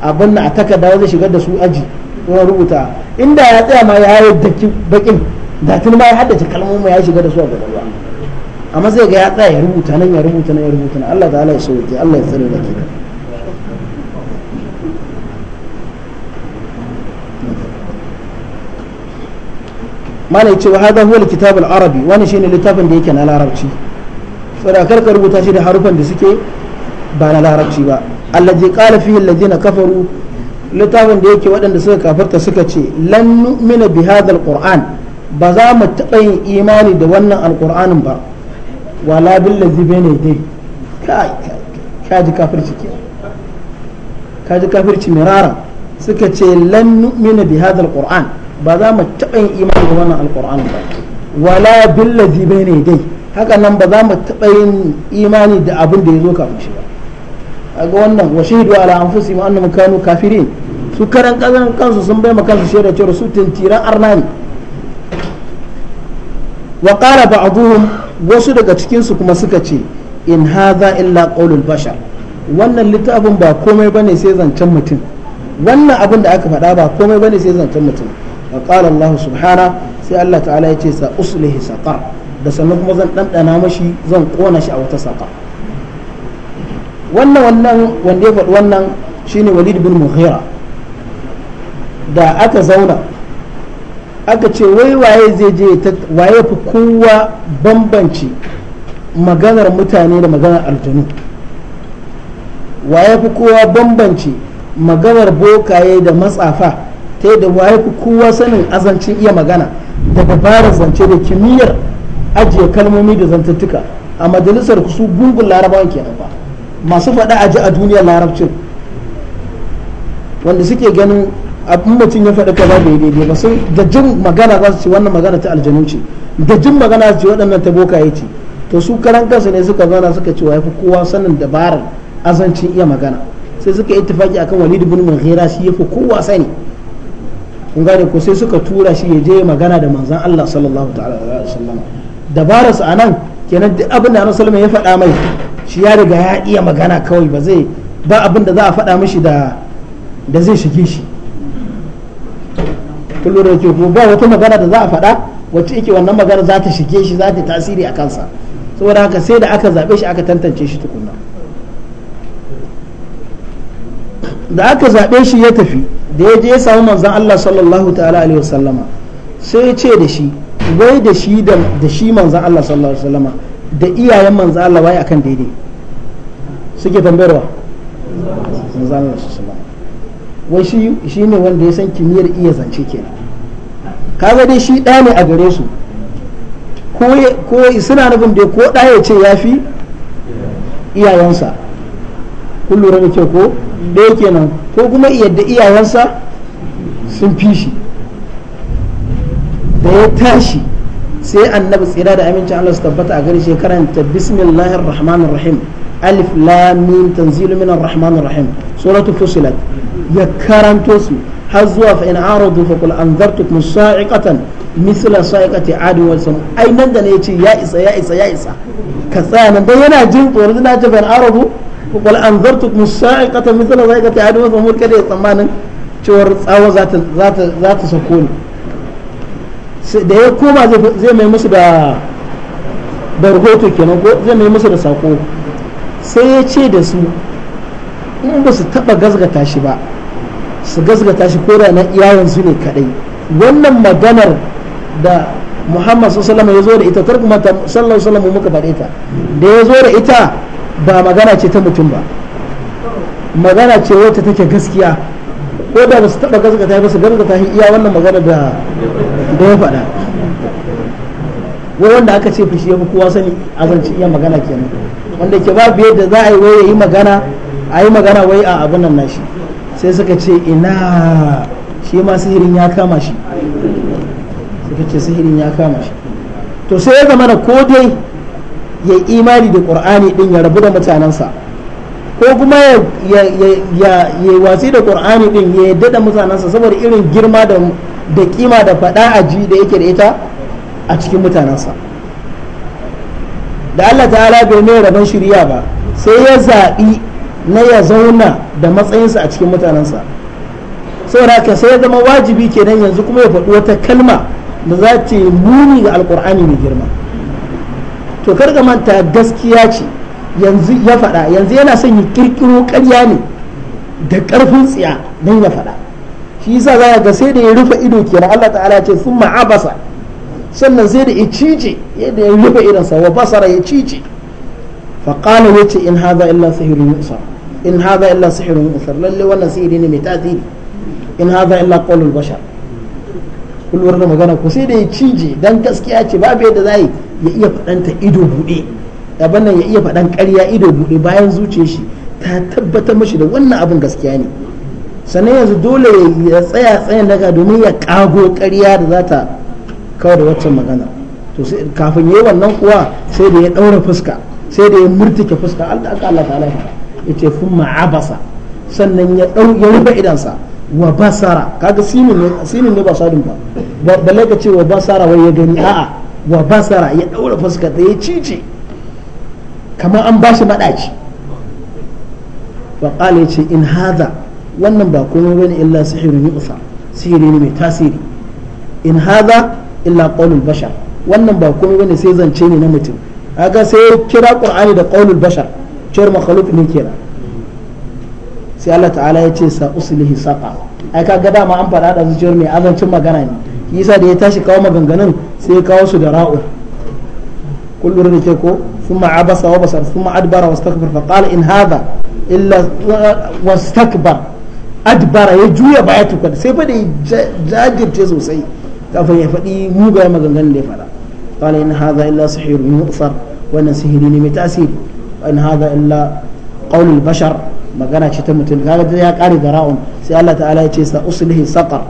abin a takarda wajen shigar da su aji wani rubuta inda ya tsaya ma ya yi bakin da tun ma ya haddace kalmomi ya shiga da su a gaba amma zai ga ya tsaya ya rubuta nan ya rubuta nan ya rubuta nan Allah ta'ala ya sauke Allah ya tsare da ke mana yace wa hada huwa kitabul arabi wani shine littafin da yake na larabci saboda karka rubuta shi da harufan da suke ba na larabci ba allazi qala fihi allazina kafaru littafin da yake waɗanda suka kafarta suka ce lan nu'mina bi hadha alquran ba za mu taɓa yin imani da wannan alqur'anin ba wala billazi bayna yadayhi kai ka ji kafirci ke kaji ji kafirci mirara suka ce lan nu'mina bi hadha alquran ba za mu taɓa yin imani da wannan alquran ba wala billazi ne dai haka nan ba za mu taɓa yin imani da abin da ya zo kafin shi ba ga wannan wa shahidu ala anfusihim annahum kanu kafirin su karan kansu sun bai ma kansu shaida cewa su tintiran arnani wa qala ba'dhum wasu daga cikinsu kuma suka ce in haza illa qaulul bashar wannan littafin ba komai bane sai zancen mutum wannan abin da aka faɗa ba komai bane sai zancen mutum wa Allah subhana sai Allah ta'ala ya ce sa usulihi saƙa da sannan kuma zan ɗanɗana mashi zan kona shi a wata saƙa wannan wannan wanda ya faɗi wannan shine Walid bin muhira da aka zauna aka ce wai waye zai je waye fi kowa bambanci maganar mutane da maganar aljanu waye fi kowa bambanci maganar bokaye da matsafa ta yadda waye fi kowa sanin azancin iya magana da dabarar zance da kimiyyar ajiye kalmomi da zantattuka a majalisar su gungun larabawan kenan ba masu faɗa aji a duniyar larabcin wanda suke ganin abin mutum ya faɗi kaza bai daidai ba sai da jin magana za su ce wannan magana ta aljanu ce da jin magana su ce waɗannan ta ya ce to su karan kansu ne suka zauna suka ce ya fi kowa sanin dabarar azancin iya magana sai suka yi tufaki akan walidu bin mughira shi ya fi kowa sani kun gane ko sai suka tura shi ya je magana da manzon Allah sallallahu ta'ala alaihi wasallam dabarar sa anan kenan duk abin da Annabi ya faɗa mai shi ya riga ya iya magana kawai ba zai ba abin da za a faɗa mishi da da zai shige shi kullum da ke ba wata magana da za a faɗa wacce yake wannan magana za ta shige shi za ta tasiri a kansa saboda haka sai da aka zaɓe shi aka tantance shi tukunna da aka zaɓe shi ya tafi da ya je ya samu manzan Allah sallallahu ta'ala alaihi wasallama sai ya ce da shi wai da shi da shi manzan Allah sallallahu alaihi wasallama da iyayen manzan Allah wai akan daidai suke tambayarwa manzan Allah sallallahu alaihi wasallama wai shi ne wanda ya san kimiyyar iya zance kenan kaga dai shi ɗaya ne a gare su ko suna nufin da ko ɗaya ce ya fi iyayensa kun lura da kyau ko yake kenan ko kuma yadda iyayensa sun fi shi da ya tashi sai annabi tsira da amincin Allah su tabbata a gari karanta bismillahir rahmanir rahim alif lamin tanzilu minar rahmanir rahim suratul fusilat ya karanto su har zuwa fa in aradu fa kul anzartukum sa'iqatan misla sa'iqati adi wal sam ai nan da ne yace ya isa ya isa ya isa ka tsaya nan dan yana jin tsoro da nace fa in aradu fa kul anzartukum sa'iqatan misla sa'iqati adi wal sam kada ya tsammanin cewar tsawo za ta za ta za ta sako ni da ya koma zai mai musu da da rahoto kenan ko zai mai musu da sako sai ya ce da su in ba su taba gazgata shi ba su gaskata shi ko da na iyawansu ne kadai wannan maganar da muhammad sallallahu ya zo da ita tarku mata sallallahu alaihi muka faɗe ta da ya zo da ita ba magana ce ta mutum ba magana ce wata take gaskiya ko da ba su taɓa gaskata ba su gaskata iya wannan magana da da ya faɗa wai wanda aka ce fushi ya fi kowa sani zance iya magana kenan wanda ke ba biye da za a yi wai ya yi magana a yi magana wai a abin nan nashi sai suka ce ina shi ma sihirin ya kama shi suka ce sihirin ya kama shi to sai ya zama da ko dai ya imani da qur'ani din ya rabu da mutanensa ko kuma ya watsi da qur'ani din ya yadda da mutanensa saboda irin girma da kima da faɗa a ji da yake da ita a cikin mutanensa da Allah ta'ala bai mai rabon shirya ba sai ya zaɓi na ya zauna da matsayinsa a cikin mutanensa saboda haka sai ya zama wajibi kenan yanzu kuma ya faɗi wata kalma da za ta yi muni ga alkur'ani mai girma to ka manta gaskiya ce yanzu ya faɗa yanzu yana son yin kirkiro ƙarya ne da ƙarfin tsiya don ya faɗa shi yasa za ga sai da ya rufe ido kenan Allah ta'ala ce sun ma'abasa sannan sai da ya cije yadda ya rufe idonsa wa basara ya cije faƙala ya ce in haza illa sahirin yusa in hada illa sihirun yu'thar lalle wannan sihiri ne mai tasiri in hada illa qawlul bashar kullum da magana ko sai da ya cije dan gaskiya ce babu yadda zai ya iya ta ido bude daban nan ya iya fadan ƙarya ido bude bayan zuciyar shi ta tabbatar mashi da wannan abin gaskiya ne sannan yanzu dole ya tsaya tsayin daga domin ya kago ƙarya da za ta kawo da waccan magana to kafin yi wannan kuwa sai da ya ɗaura fuska sai da ya murtuke fuska Allah ta'ala ya yace kuma abasa sannan ya dau ya rufe idansa wa basara kaga sinin ne sinin ne ba sadin ba balle ka ce wa basara wai ya gani a'a wa basara ya daura fuskar da ya cice kamar an bashi madaci fa qala yace in hadha wannan ba komai bane illa sihirun yusa sihiri ne mai tasiri in hadha illa qaulul bashar wannan ba komai bane sai zance ne na mutum kaga sai kira qur'ani da qaulul bashar cewar makhluk ne kenan sai Allah ta'ala ya ce sa uslihi saqa ai kaga dama an faɗa da zuciyar mai azancin magana ne yasa da ya tashi kawo maganganun sai ya kawo su da ra'u kun lura da ke ko thumma abasa wa basar thumma adbara wastakbar fa qala in hadha illa wastakbar adbara ya juya baya tukar sai fa da jajirce sosai kafin ya faɗi mugayen maganganun da ya faɗa qala in hadha illa sihirun yu'thar wannan sihiri ne mai tasiri in hadha illa qaulul bashar magana ce ta mutum kaga ya kare da ra'un sai Allah ta'ala ya ce sa uslihi saqar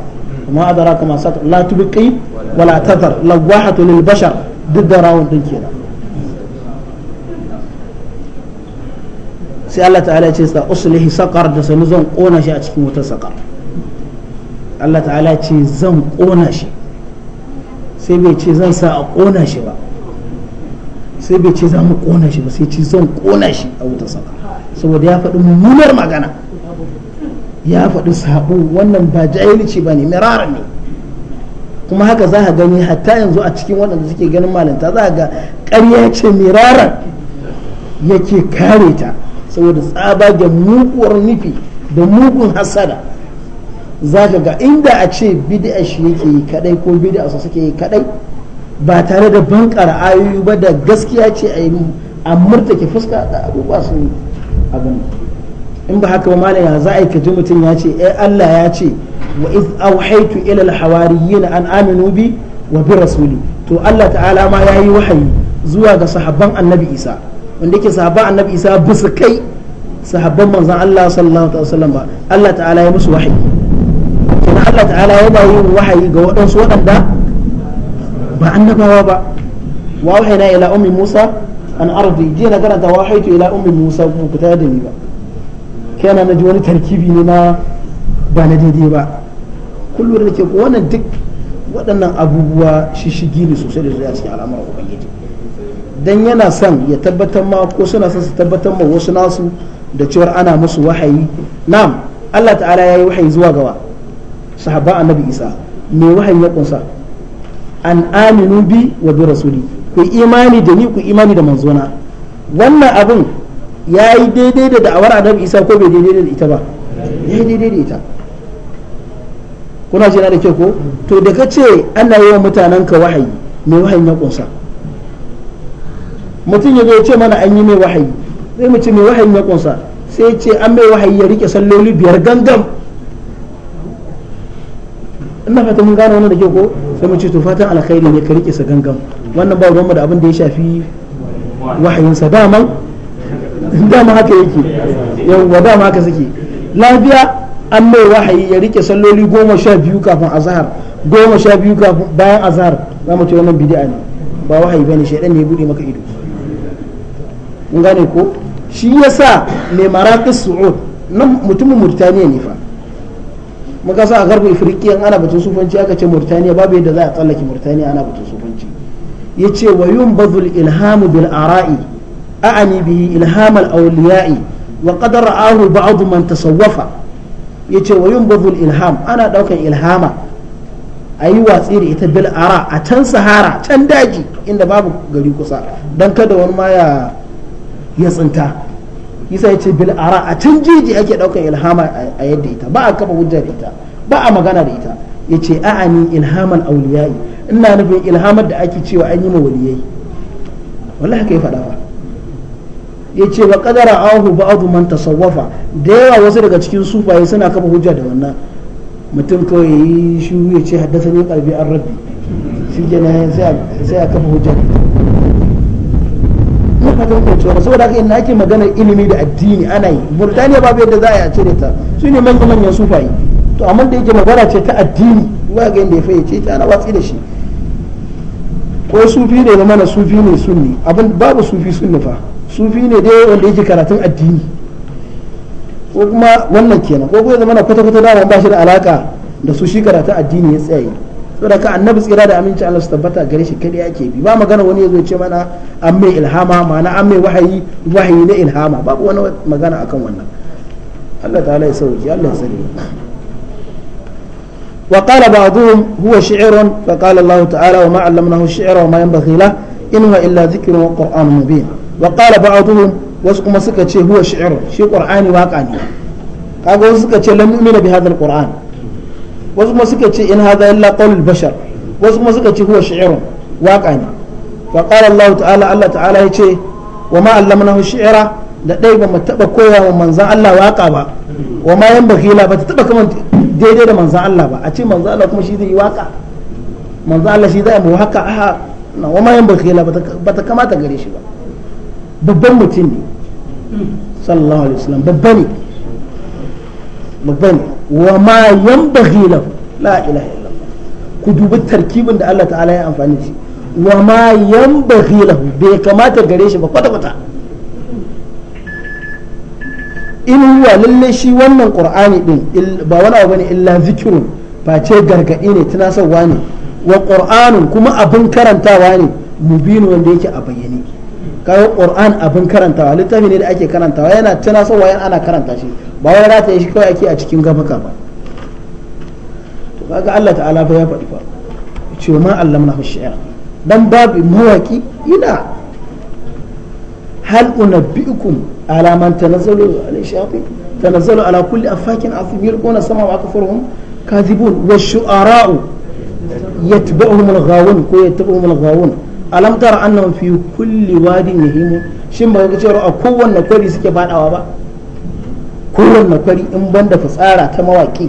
kuma adraka ma saqar la tubqi wala tadhar lawahatu lil bashar duk da ra'un din kenan sai Allah ta'ala ya ce sa uslihi saqar da sanu zan kona shi a cikin wutar saqar Allah ta'ala ya ce zan kona shi sai bai ce zan sa a kona shi ba sai bai ce za mu kona shi ba sai ce zan kona shi a wuta sa saboda ya faɗi mummunar magana ya faɗi sabo wannan ba jahilci ba ne mirara ne kuma haka za a gani hatta yanzu a cikin waɗanda suke ganin malinta za a ga ƙarya ce miraran yake kare ta saboda tsabagen muguwar nufi da mugun hasada za ga inda a ce bid'a shi yake yi kadai ko bidi'a su suke yi kadai ba tare da bankar ayoyi ba da gaskiya ce a yi a ke fuska da abubuwa sun abin in ba haka ba ya za a yi kaji mutum ya ce eh Allah ya ce wa iz awhaytu ila al-hawariyin an aminu bi wa bi rasuli to Allah ta'ala ma ya yi wahayi zuwa ga sahabban annabi Isa wanda yake sahabban annabi Isa ba su kai sahabban manzon Allah sallallahu alaihi wasallam ba Allah ta'ala ya musu wahayi kenan Allah ta'ala ya ba yi wahayi ga waɗansu waɗanda ba annabawa ba wa wahayna ila ummi musa an ardi je na garanta wa haitu ila ummi musa ku fita da ni ba kana na ji wani tarkibi ne na ba na daidai ba kullu da ke wannan duk waɗannan abubuwa shishigi ne sosai da zuwa cikin al'amuran ubangiji dan yana son ya tabbatar ma ko suna son su tabbatar ma wasu nasu da cewa ana musu wahayi na'am Allah ta'ala ya yi wahayi zuwa gawa sahaba annabi isa me wahayi ya kunsa an aminu bi wa bi rasuli ku imani da ni ku imani da manzona wannan abun ya yi daidai da da'awar annabi isa ko bai daidai da ita ba ya yi daidai da ita kuna ce na da kyau ko to da ka ce ana yi wa mutanen ka wahayi mai wahayin ya kunsa mutum ya zo ce mana an yi mai wahayi zai mu ce mai wahayin ya kunsa sai ce an mai wahayi ya rike salloli biyar gangan ina fata mun gane wannan da kyau ko sai mu ce to fatan alkhairi ne ka rike sa gangan wannan ba ruwanmu da abin da ya shafi wahayinsa daman dama haka yake yawwa dama haka suke lafiya an mai wahayi ya rike salloli goma sha biyu kafin azhar goma sha biyu kafin bayan azhar za mu ce wannan bid'a ne ba wahayi bane shaidan ne ya bude maka ido mun gane ko shi yasa mai maraƙis su'ud nan mutumin murtaniya ne fa makasa kasa a garba ifirkiya ana batun sufanci aka ce murtaniya babu yadda za a tsallake murtaniya ana batun sufanci yace wa yunbadhu ilhamu bil ara'i a'ani bihi ilham awliya'i wa qad ra'ahu ba'd man tasawwafa yace wa yunbadhu ilham ana daukan ilhama ayi watsi da ita bil ara a can sahara can daji inda babu gari kusa dan kada wani ma ya ya tsinta yasa yace bil ara a can jiji ake daukan ilhama a yadda ita ba a kafa hujja da ita ba a magana da ita yace ani ilhaman auliyai ina nufin ilhamar da ake cewa an yi ma waliyai wallahi kai faɗa fa yace wa qadara ahu ba'd man tasawwafa da yawa wasu daga cikin sufaye suna kafa hujja da wannan mutum kawai yi shi ya ce haddasa ne karbi an rabbi shi kenan sai a kafa hujja da ina fatan kai cewa saboda haka ina ake magana ilimi da addini ana yi burtaniya babu yadda za a yi a cire ta su ne manyan manyan sufayi to amma da yake magana ce ta addini ba ga yadda ya ce ta ana watsi da shi ko sufi ne na mana sufi ne sunni abin babu sufi sunni fa sufi ne dai wanda yake karatun addini ko kuma wannan kenan ko kuma zama na kwata-kwata dama ba shi da alaka da su shi karatun addini ya tsaye saboda ka annabi tsira da aminci Allah su tabbata gare shi kada yake bi ba magana wani ya ce mana an mai ilhama ma'ana an mai wahayi wahayi na ilhama babu wani magana akan wannan Allah ta'ala ya sauki Allah ya sani wa qala ba'dhum huwa shi'run fa qala Allah ta'ala wa ma 'allamnahu shi'ra wa ma yanbaghi in huwa illa dhikrun wa qur'anun mubin wa qala ba'dhum wasu kuma suka ce huwa shi'run shi qur'ani waka ne kaga wasu suka ce lam yu'minu bi hadha al-qur'an wasu kuma suka ce in hada illa qawlul bashar wasu kuma suka ce huwa shi'run waka ne fa qala Allah ta'ala Allah ta'ala yace wa ma allamnahu shi'ra da dai ba mu taba koya wa manzan Allah waka ba wa ma yan bakila ba ta taba kaman daidai da manzan Allah ba a ce manzan Allah kuma shi zai yi waka manzan Allah shi zai mu haka aha wa ma yan bakila ba ta kamata gare shi ba babban mutum ne sallallahu alaihi wasallam babba ne babba ne wa ma yanbaghi lahu la ilaha illallah ku dubi tarkibin da Allah ta'ala ya amfani da shi wa ma yanbaghi lahu bai kamata gare shi ba kwata kwata in huwa lalle shi wannan qur'ani din ba wani abu bane illa zikrun face gargadi ne tunasarwa ne wa qur'anun kuma abin karantawa ne mubin wanda yake a bayyane kawo qur'an abin karantawa littafi ne da ake karantawa yana tunasarwa yana ana karanta shi ba wai rataye shi kawai ake a cikin gafaka ba to kaga Allah ta'ala fa ya faɗi fa ce ma allamna hu shi'ra dan babu mawaki ina hal unabbiukum ala man tanazzalu ala shayatin tanazzalu ala kulli afakin asim yulquna sama wa akfaruhum kadhibun wash-shu'ara'u yatba'uhum al-ghawun ko yatba'uhum al-ghawun alam tara annahum fi kulli wadin yahimun shin ba ga cewa a kowanne kwari suke fadawa ba kowanne fari in banda fitsara ta mawaƙi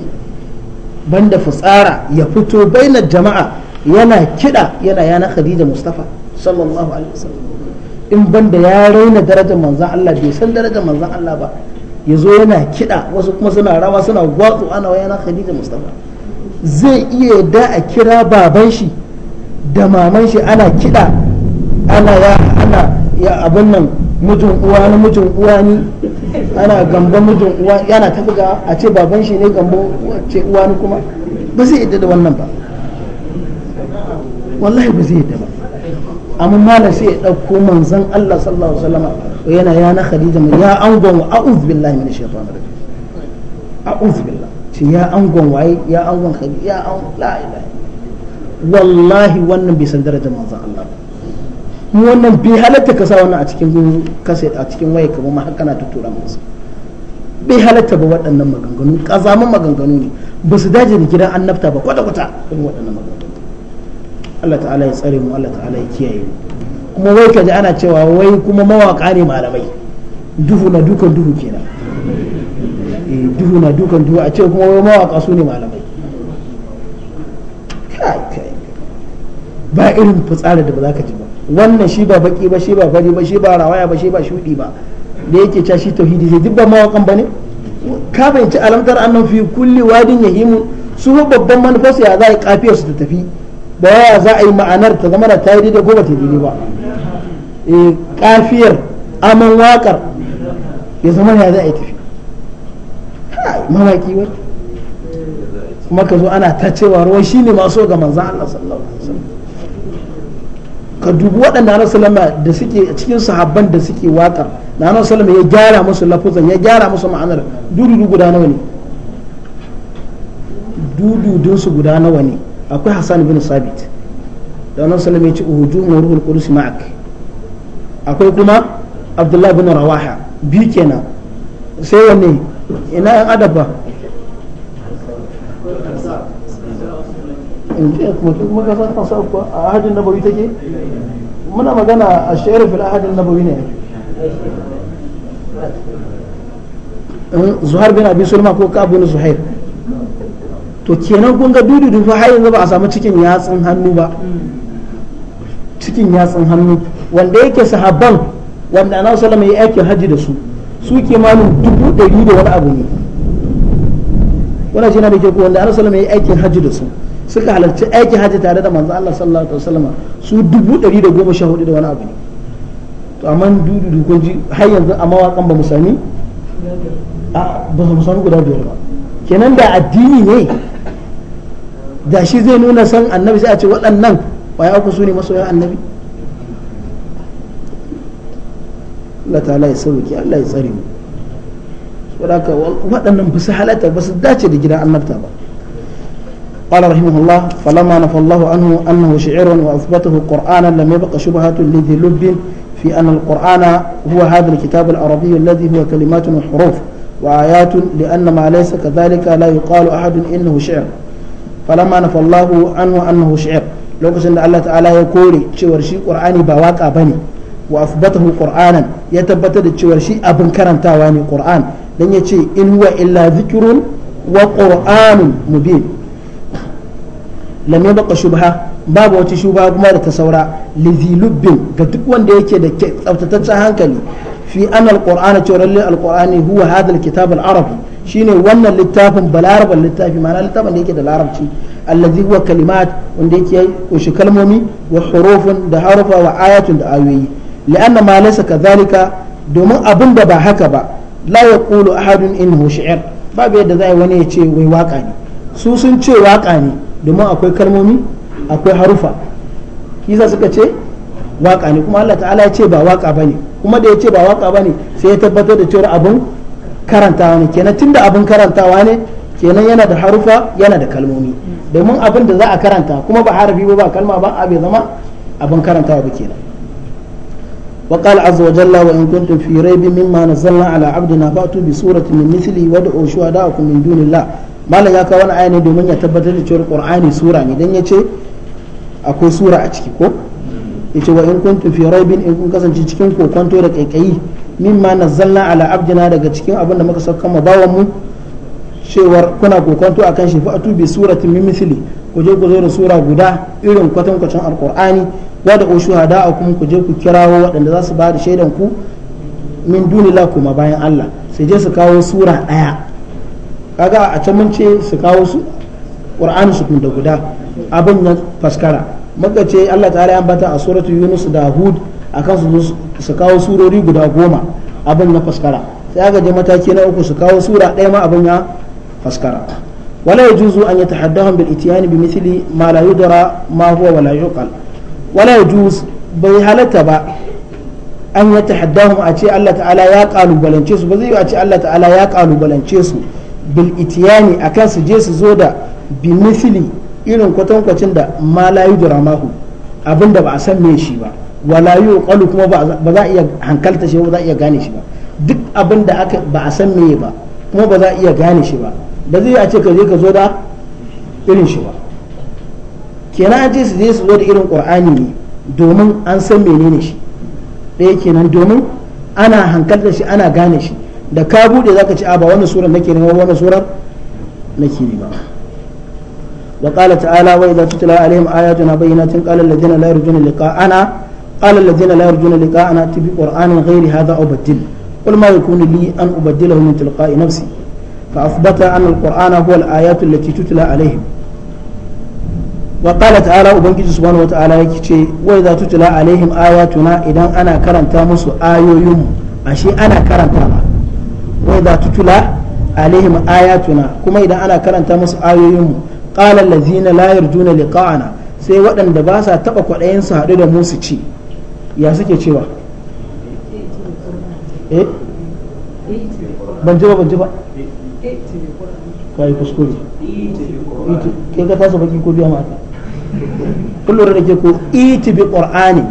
banda fitsara ya fito bainar jama'a yana kiɗa yana yana khadija mustafa sallallahu alaihi wasallam in banda ya raina darajar manzan Allah bai san darajar manzan Allah ba ya zo yana kiɗa wasu kuma suna rawa suna gwatsu ana yana khadija mustafa zai iya yadda a kira baban shi da maman shi ana kiɗa ana ya ana ya abin nan mijin uwa ni mijin uwa ni ana gamban mijin uwa yana ta buga a ce baban shi ne gamban ce uwa ni kuma ba zai yadda da wannan ba wallahi ba zai yadda ba amma malam sai ya dauko manzon Allah sallallahu alaihi wasallam yana ya na Khadija ya angon wa a'udhu billahi minash shaitanir rajim a'udhu billahi ce ya angon waye ya angon Khadija ya an la ilaha wallahi wannan bai san darajar manzon Allah ba mu wannan bai halatta ka sa wannan a cikin kaset a cikin waye kamar ma haka na tattura masa bai halatta ba waɗannan maganganu ƙazaman maganganu ne ba su dace da gidan annabta ba kwata-kwata irin waɗannan maganganu Allah ta'ala ya tsare mu Allah ta'ala ya kiyaye mu kuma wai kaji ana cewa wai kuma mawaka ne malamai duhu na dukan duhu kenan eh, duhu na dukan duhu a ce kuma wai mawaka su ne malamai kai kai ba irin fitsara da ba za ka ji ba wannan shi ba baki ba shi ba fari ba shi ba rawaya ba shi ba shudi ba da yake cewa shi tauhidi sai duk ba ne bane ka fahimci alamtar annan fi kulli wadin yahimu su babban manufarsu ya za a yi kafiyar su ta tafi ba ya za a yi ma'anar ta zama da ta yi daidai ko ba ta daidai ba eh, kafiyar aman wakar ya zama ya za a yi tafi mawaki wani kuma ka zo ana ta cewa ruwan shine masu ga manzan Allah sallallahu alaihi wasallam ka dubi waɗanda na salama da suke cikin sahabban da suke waƙar na na salama ya gyara musu lafuzan ya gyara musu ma'anar dududu guda nawa ne dududun su guda nawa ne akwai hassan bin sabit da na salama ya ci uhudu wa ruhul qudus ma'ak akwai kuma abdullahi bin rawaha biyu kenan sai wanne ina yan adaba yanzu ya kuma ko ahadin nabawi take muna magana a shi'ar fil ahadin nabawi ne eh, zuhar bin Abi Sulma ko Ka'ab Zuhair to kenan kun ga dudu har yanzu ba a samu cikin yatsun hannu ba cikin yatsun hannu wanda yake sahabban wanda annabi sallallahu alaihi wasallam ya aikin haji da su su dubu da wani abu ne wannan shi na da ke wanda annabi sallallahu alaihi wasallam ya haji da su suka halarci aiki hajji tare da manzo Allah sallallahu alaihi wasallam su dubu ɗari da goma sha hudu da wani abu ne to amma dudu da koji har yanzu a mawaƙan ba mu sami a ba mu sami guda biyar ba kenan da addini ne da shi zai nuna san annabi sai a ce waɗannan waya aku su ne masoyan annabi Allah ta'ala ya sauki Allah ya tsare mu saboda haka waɗannan ba su halatta ba su dace da gidan annabta ba قال رحمه الله فلما نفى الله عنه أنه شعر وأثبته قرآنا لم يبق شبهة لذي لب في أن القرآن هو هذا الكتاب العربي الذي هو كلمات وحروف وآيات لأن ما ليس كذلك لا يقال أحد إنه شعر فلما نفى الله عنه أنه شعر لو كسن الله تعالى يقول شور شي قرآني بواك أبني وأثبته قرآنا يتبتد شور شي أبن كرن تاواني قرآن لن يتشي إن هو إلا ذكر وقرآن مبين lam yabqa shubha babu wata shubha kuma da ta saura li lubbin ga duk wanda yake da tsaftataccen hankali fi an alqur'ana cewa lallai alqur'ani huwa hadal alkitab al-arabi shine wannan littafin balaraban littafi ma'ana littafin da yake da larabci allazi huwa kalimat wanda yake kunshi kalmomi wa hurufun da harufa wa ayatun da ayoyi li'anna ma laysa kadhalika domin abin da ba haka ba la yaqulu ahadun innahu shi'r babu yadda zai wani ya ce wai waka ne su sun ce waka ne domin akwai kalmomi akwai harufa kisa suka ce waka ne kuma Allah ta'ala ya ce ba waka bane kuma da ya ce ba waka bane sai ya tabbatar da cewa abun karantawa ne kenan tunda abun karantawa ne kenan yana da harufa yana da kalmomi domin abin da za a karanta kuma ba harafi ba ba kalma ba abe zama abin karantawa ba kenan وقال عز وجل وإن كنتم في ريب مما نزلنا على عبدنا فأتوا بسورة من مثله وادعوا شهداءكم من دون الله malam ya kawo wani aya ne domin ya tabbatar da cewa qur'ani sura ne dan yace akwai sura a ciki ko yace wa in kun fi raibin in kun kasance cikin kokonto da kaikayi mimma nazzalna ala abdina daga cikin abin da muka sauka ma bawan mu cewar kuna kokonto akan shi fa atubi suratin min misli ku je ku zo da sura guda irin kwatankwacin alqur'ani wa da ushuhada akum ku je ku kirawo waɗanda za su ba da shaidan ku min dunillah kuma bayan Allah sai je su kawo sura ɗaya kaga a can mun ce su kawo su qur'ani su kun da guda abin ya faskara muka ce Allah ta'ala ya ambata a suratu yunus da hud akan su su kawo surori guda goma abin ya faskara sai aka je mataki na uku su kawo sura ɗaya ma abin ya faskara ولا يجوز أن يتحدهم بالإتيان بمثل ما لا يدرى ما هو ولا يعقل ولا يجوز a ce allah يتحدهم أتي الله تعالى ba zai yi a ce allah تعالى يا قالوا بلنشيسو bil itiyani akan su je su zo da bi irin kwatankwacin da ma la ramahu abinda ba a san me shi ba wala yuqalu kuma ba za a iya hankalta shi ba za a iya gane shi ba duk abin da aka ba a san meye ba kuma ba za a iya gane shi ba ba zai a ce ka je ka zo da irin shi ba kenan an ce su je su zo da irin qur'ani ne domin an san menene shi ɗaya kenan domin ana hankalta shi ana gane shi da ka bude zaka ci a ba wannan surar nake ne ba wannan surar nake ne ba wa ta'ala wa idza tutla alaihim ayatuna bayyinatin qala alladhina la yarjuna liqa'ana qala alladhina la yarjuna tibi qur'anin ghairi hadha aw badil qul ma yakunu li an ubaddilahu min tilqa'i nafsi fa athbata an alqur'ana huwa alayatu allati tutla alaihim wa qala ta'ala ubangiji subhanahu wa ta'ala yake ce wa idza tutla alaihim ayatuna idan ana karanta musu ayoyin ashe ana karanta idza tutula alaihim ayatuna kuma idan ana karanta musu ayoyin mu qala allazina la yarjuna liqa'ana sai waɗanda ba sa taba kwaɗayin su haɗu da mu su ci ya suke cewa eh ban ji ba ban ji ba kai kuskure ke ka tasa baki ko biya mata kullum da ke ko iti bi qur'ani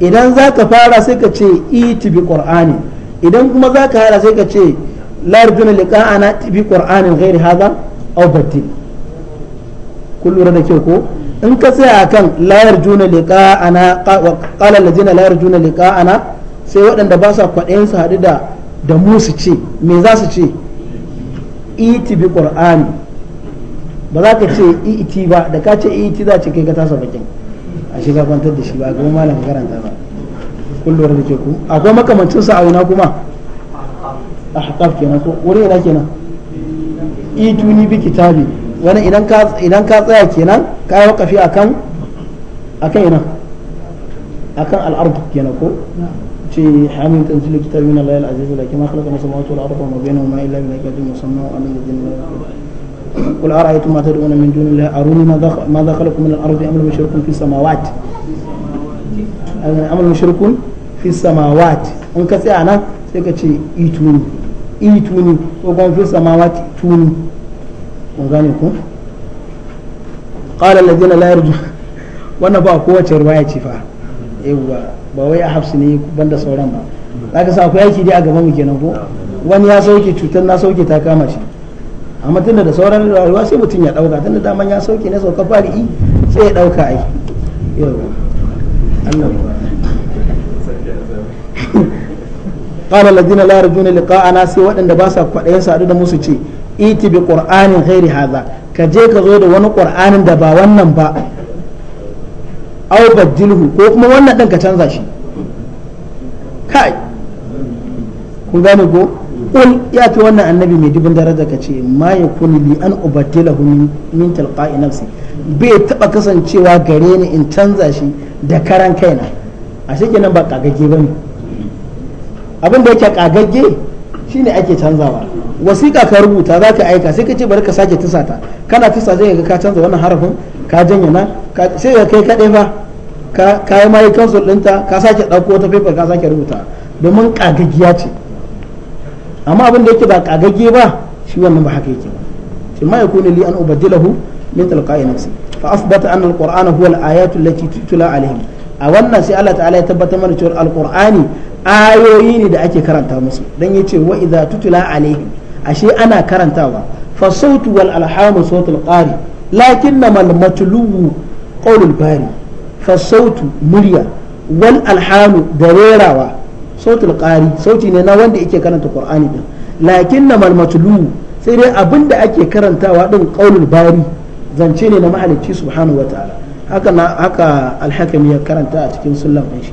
idan zaka fara sai ka ce iti bi qur'ani idan kuma zaka fara sai ka ce لا يرجون لقاءنا في قرآن غير هذا أو in كل رد كيوكو إن كسي أكن لا يرجون لقاءنا وقال الذين لا يرجون لقاءنا sai waɗanda ba sa kwaɗayin su haɗu da da mu su ce me za su ce iti bi qur'ani ba za ka ce iti ba da ka ce iti za ce kai ka tasa bakin a shiga kwantar da shi ba ga malam karanta ba kullum da ke ku akwai makamancin kuma a haƙaf kenan ko wani yana kenan ituni bi kitabi idan ka tsaya kenan ka yi wakafi a kan a kan yana a kan al'arku kenan ko ce hamin tanzilu kitabi na layal azizu da kima khalaka masu mawato da arfa ma bayanu ma ila bi na kajin musamman wa amin da jini na yankin kula a ra'ayi tumata da wani min juni la aruni ma za khalaka min al'arzi amal mashirkun fi samawat amal fi samawat in ka tsaya nan sai ka ce ituni ituni ko kuma fi samawati tuni kun gane ku qala alladhina la yarju wannan ba kowace ruwaya ce fa yawa ba wai a hafsu ne banda sauran ba ka sa akwai aiki dai a gaban mu kenan ko wani ya sauke cutar na sauke ta kama shi amma tunda da sauran rayuwa sai mutum ya dauka tunda daman ya sauke ne sauka fari sai ya dauka ai yawa Allah qala alladhina la lika ana sai waɗanda ba sa kwaɗayin sadu da musu ce iti bi qur'anin ghairi hadha ka je ka zo da wani qur'anin da ba wannan ba aw badilhu ko kuma wannan din ka canza shi kai kun gane ko kun ya ce wannan annabi mai dubin daraja ka ce ma kuni li an ubaddilahu min talqa'i nafsi bai taba kasancewa gare ni in canza shi da karan kaina a shi kenan ba kagage ne abin da yake kagagge shine ake canzawa wasiƙa ka rubuta za ka aika sai ka ce bari ka sake tusa ta kana tusa zai ga ka canza wannan harafin ka janye na sai ka kai kaɗai fa ka yi mai kansul ɗinta ka sake ɗauko ta paper ka sake rubuta domin kagaggiya ce amma abin da yake ba kagagge ba shi wannan ba haka yake ba shi ma yakunu li an ubaddilahu min talqa'i nafsi fa asbata anna alqur'ana huwa al allati tutla alaihim a wannan sai Allah ta'ala ya tabbatar mana cewa alqur'ani ayoyi ne da ake karanta musu dan yace wa idza tutula alaihi ashe ana karantawa fa sautu wal alhamu sautul qari lakinna al matlubu qawlul bari fa sautu murya wal alhamu da rerawa sautul qari sauti ne na wanda yake karanta qur'ani din lakinna al matlubu sai dai abinda ake karantawa din qawlul bari zance ne na mahalicci subhanahu wataala haka haka alhakami ya karanta a cikin sullan shi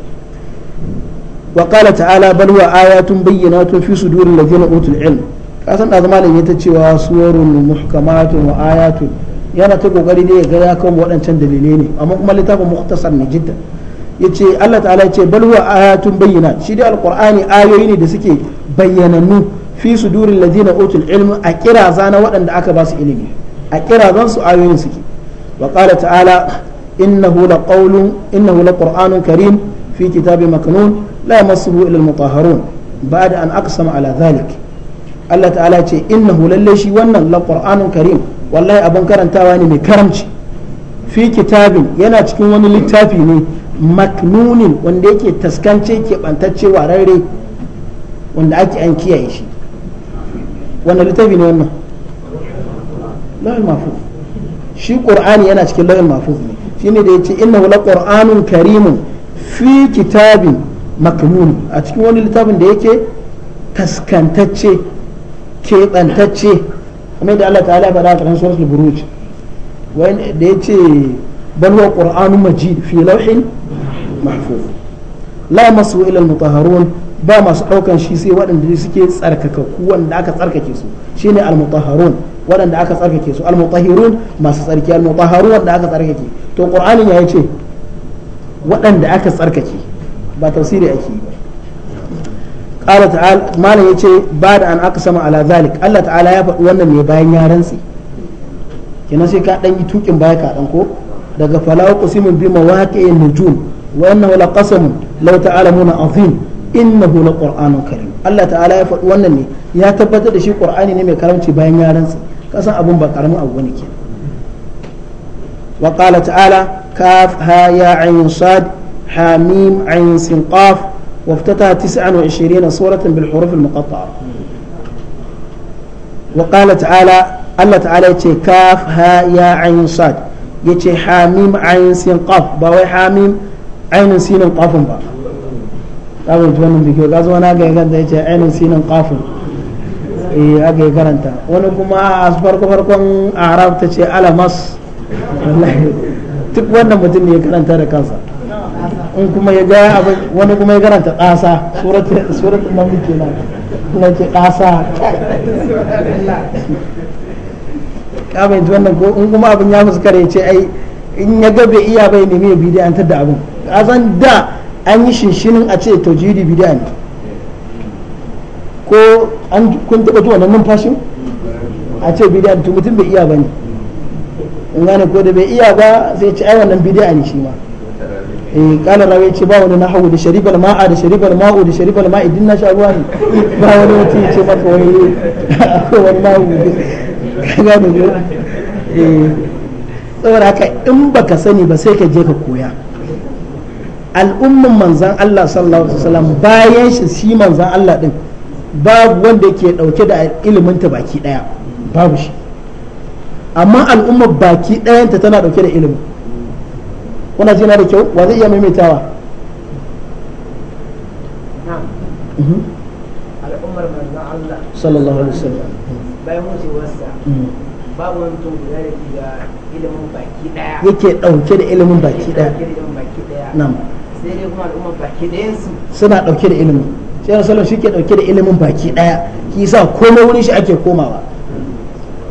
وقال تعالى بل هو آيات بينات في صدور الذين أوتوا العلم kasan da zama ya ta cewa suwarun muhkamatun wa ayatun yana ta kokari ne ga ya kan waɗancan dalilai ne amma kuma littafin mukhtasar ne jidda yace Allah ta'ala ce bal huwa ayatun bayyana shi dai alqur'ani ayoyi ne da suke bayyanannu fi suduril ladina utul ilm a kiraza na waɗanda aka ba su ilimi a kirazan su ayoyin suke wa qala ta'ala innahu laqawlun innahu laqur'anun karim fi kitabi maknun la yamassuhu illa al-mutahharun ba'da an aqsama ala dhalik Allah ta'ala ce innahu lalle shi wannan la qur'anun karim wallahi abin karantawa ne mai karamci fi kitabin yana cikin wani littafi ne maknunin wanda yake ke bantacce wanda ake kiyaye shi wannan littafi ne wannan lawil mahfuz shi qur'ani yana cikin lawil mahfuz ne shine da yace innahu la qur'anun karimun fi kitabin makmun a cikin wani littafin da yake taskantacce keɓantacce kamar da Allah ta'ala faɗa a ƙarshen suratul buruj wani da ya ce bal huwa qur'anun majid fi lawhin mahfuz la masu ila al-mutahharun ba masu ɗaukan shi sai waɗanda suke tsarkakakku wanda aka tsarkake su shine al-mutahharun waɗanda aka tsarkake su al-mutahhirun masu tsarki al-mutahharun wanda aka tsarkake to qur'anin ya yace waɗanda aka tsarkake ba tafsiri ake yi ba Allah ta'ala malam yace ba da an aka sama ala zalik Allah ta'ala ya faɗi wannan ne bayan ya rantsi kenan sai ka ɗan yi tukin baya ka dan ko daga falaw qasimu bi mawaqi'in nujum wa innahu laqasamun law ta'lamuna azim innahu qur'anun karim Allah ta'ala ya faɗi wannan ne ya tabbatar da shi qur'ani ne mai karamci bayan ya rantsi kasan abun ba karamin abu ne kenan wa qala ta'ala kaf ha ya ayn sad حاميم عين سنقاف وافتتح 29 سورة بالحروف المقطعة وقال تعالى الله تعالى يتي كاف ها يا عين صاد يتي حاميم عين سنقاف باوي حاميم عين سين قاف با kawai ji wannan bidiyo ga zuwa na ga yakan da ya ce ainihin sinin kafin eh karanta wani kuma a farko farkon arab ta ce alamas ne ya karanta da kansa in kuma ya ga wani kuma ya karanta ƙasa suratun nan muke nan na ce ƙasa ya bai ji wannan ko in kuma abin ya fuskara ya ce ai in ya ga bai iya bai nemi ya ta da abin ƙasan da an yi shinshinin a ce taujidi bidiya ne ko an kun taɓa ji wannan numfashin a ce bidiya to mutum bai iya ba ne in gane ko da bai iya ba sai ce ai wannan bidiya ne shi ma eh kala rawi ce ba wani nahawu da sharibal ma'a da sharibal ma'u da sharibal ma'i din na sha ruwa ne ba wani wata ya ce ko wani akwai wani nahawu kaga da zo eh saboda haka in baka sani ba sai ka je ka koya al'ummin manzan Allah sallallahu alaihi wasallam bayan shi shi manzan Allah din babu wanda ke dauke da ilimin ta baki daya babu shi amma al'ummar baki ta tana dauke da ilimin kuna na da kyau wa zai iya maimaitawa mhm. al'ummar manzon Allah sallallahu alaihi wasallam bayan wucewarsa mhm. babu wani to guda da ke da ilimin baki daya yake dauke da ilimin baki daya na'am sai dai kuma al'ummar baki dayan su suna dauke da ilimin sai sallallahu shi ke dauke da ilimin baki daya sa komai wurin shi ake komawa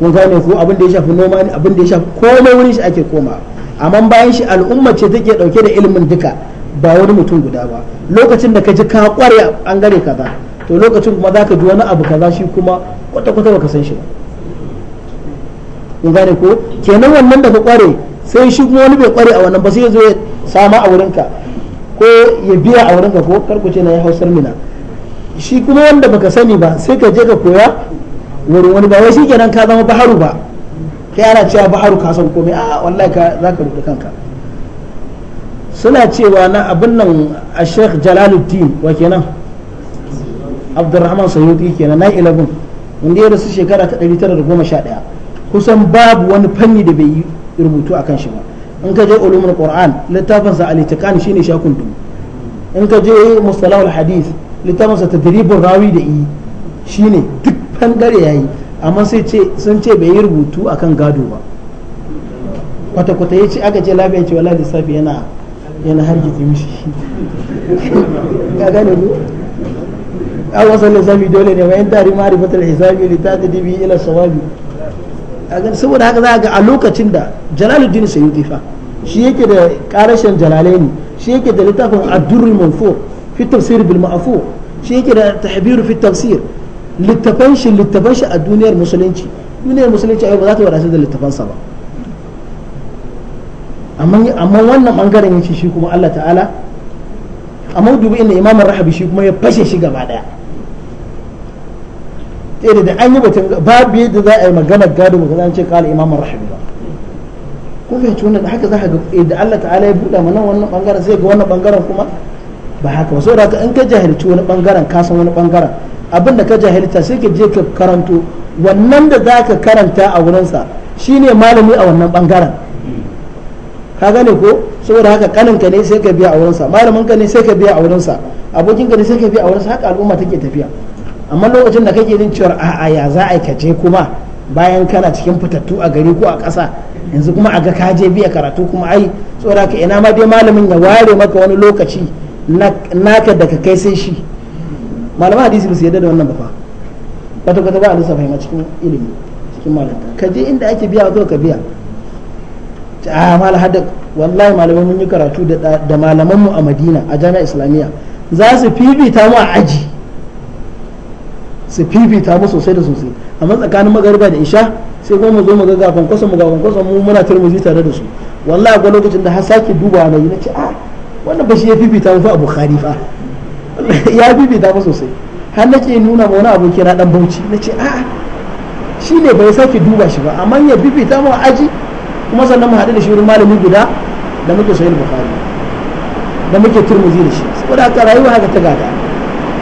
mun gane ko abin da ya shafi noma ne abin da ya shafi komai wurin shi ake komawa amma bayan shi al'umma ce take dauke da ilimin duka ba wani mutum guda ba lokacin da ka ji ka kware an gare ka ba to lokacin kuma za ka ji wani abu kaza shi kuma kwata kwata baka san shi ba kun gane ko kenan wannan da ka kware sai shi kuma wani bai kware a wannan ba sai ya zo ya sama a wurinka ko ya biya a wurinka ko karku ce na ya hausar mina shi kuma wanda baka sani ba sai ka je ka koya wurin wani ba wai shi kenan ka zama baharu ba kai ana cewa baharu ka san komai a wallahi ka za ka rubuta kanka suna cewa na abin nan a sheikh jalaluddin wa kenan abdurrahman sayuti kenan na ilabin wanda ya rasu shekara ta ɗaya kusan babu wani fanni da bai yi rubutu a kan shi ba in ka je ulumul qur'an littafinsa al-itiqan shine shakun dubu in ka je mustalah al-hadith littafinsa tadribur rawi da yi shine duk bangare yayi amma sai ce sun ce bai yi rubutu akan gado ba kwata-kwata ya ce aka ce labiya ce wala lissafi yana yana hargitsi mishi ga gane ku a wasan lissafi dole ne bayan tari ma'arifatar hisabi li ta ta dibi ila sawabi a gani saboda haka za ga a lokacin da jalaluddin sayyidi fa shi yake da karashin jalalaini shi yake da littafin addurul manfur fi tafsir bil ma'fu shi yake da tahbiru fi tafsir littafan shi littafan shi a duniyar musulunci duniyar musulunci ayyuka ba za ta wadatu da littafansa ba amma amma wannan bangaren yace shi kuma Allah ta'ala amma dubi inda imam rahabi shi kuma ya fashe shi gaba daya tare da an yi batun babu yadda za a yi magana gado ba zan ce kala imam rahabi ba ko fahimci wannan haka za ka ga da Allah ta'ala ya buɗa mana wannan bangaren sai ga wannan bangaren kuma ba haka ba saboda in ka jahilci wani bangaren ka san wani bangaren abinda ka jahilta sai ka je ka karanto wannan da za ka karanta a wurinsa shine malami a wannan bangaren ka gane ko saboda haka kaninka ne sai ka biya a wurinsa malaminka ne sai ka biya a wurinsa abokinka ne sai ka biya a wurinsa haka al'umma take tafiya amma lokacin da kake jin cewar a'a ya za a je kuma bayan kana cikin fitattu a gari ko a ƙasa yanzu kuma a ga ka je biya karatu kuma ai saboda haka ina ma dai malamin ya ware maka wani lokaci naka da ka kai sai shi malama hadisi ba su yadda da wannan ba fa kwata kwata ba a lissafa cikin ilimi cikin malanta ka je inda ake biya wato ka biya a ah, mala hada wallahi malamai mun yi karatu da malaman mu a madina a jami'a islamiyya za su fifita mu a aji su fifita mu sosai da sosai amma tsakanin magariba da isha sai kuma mu zo mu ga gafan kwasan mu gafan kwankwason mu muna turmuzi tare da su wallahi akwai lokacin da har sake duba na yi na ce a ah, wannan ba shi ya fifita mu fa a bukhari fa ya bibita ba sosai har nake nuna ma wani aboki na dan bauchi nace a'a shi ne bai sake duba shi ba amma ya bibita mu aji kuma sannan mu haɗu da shi wurin malami guda da muke sahih bukhari da muke turmuzi da shi saboda haka rayuwa haka ta gada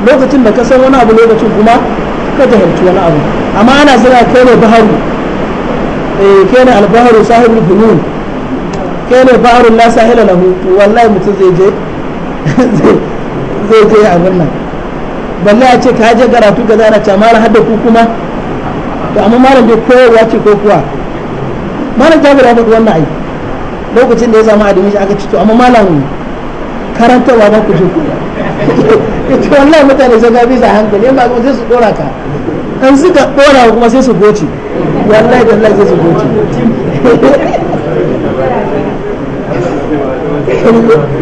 lokacin da ka san wani abu lokacin kuma ka jahilci wani abu amma ana zira kai ne baharu eh kai ne albaharu sahibul bunun kai ne baharul la sahila lahu wallahi mutum zai je ko ke abin nan balle a ce ka je karatu ga zara ta mara hada ku kuma to amma malam bai koyarwa ce ko kuwa malam ta gura faɗi wannan ai lokacin da ya zama shi aka ci to amma malam karantarwa ba ku je ku ita wallahi mutane sai gabi sa hankali ba kuma sai su dora ka an suka dora kuma sai su goce wallahi da sai su goce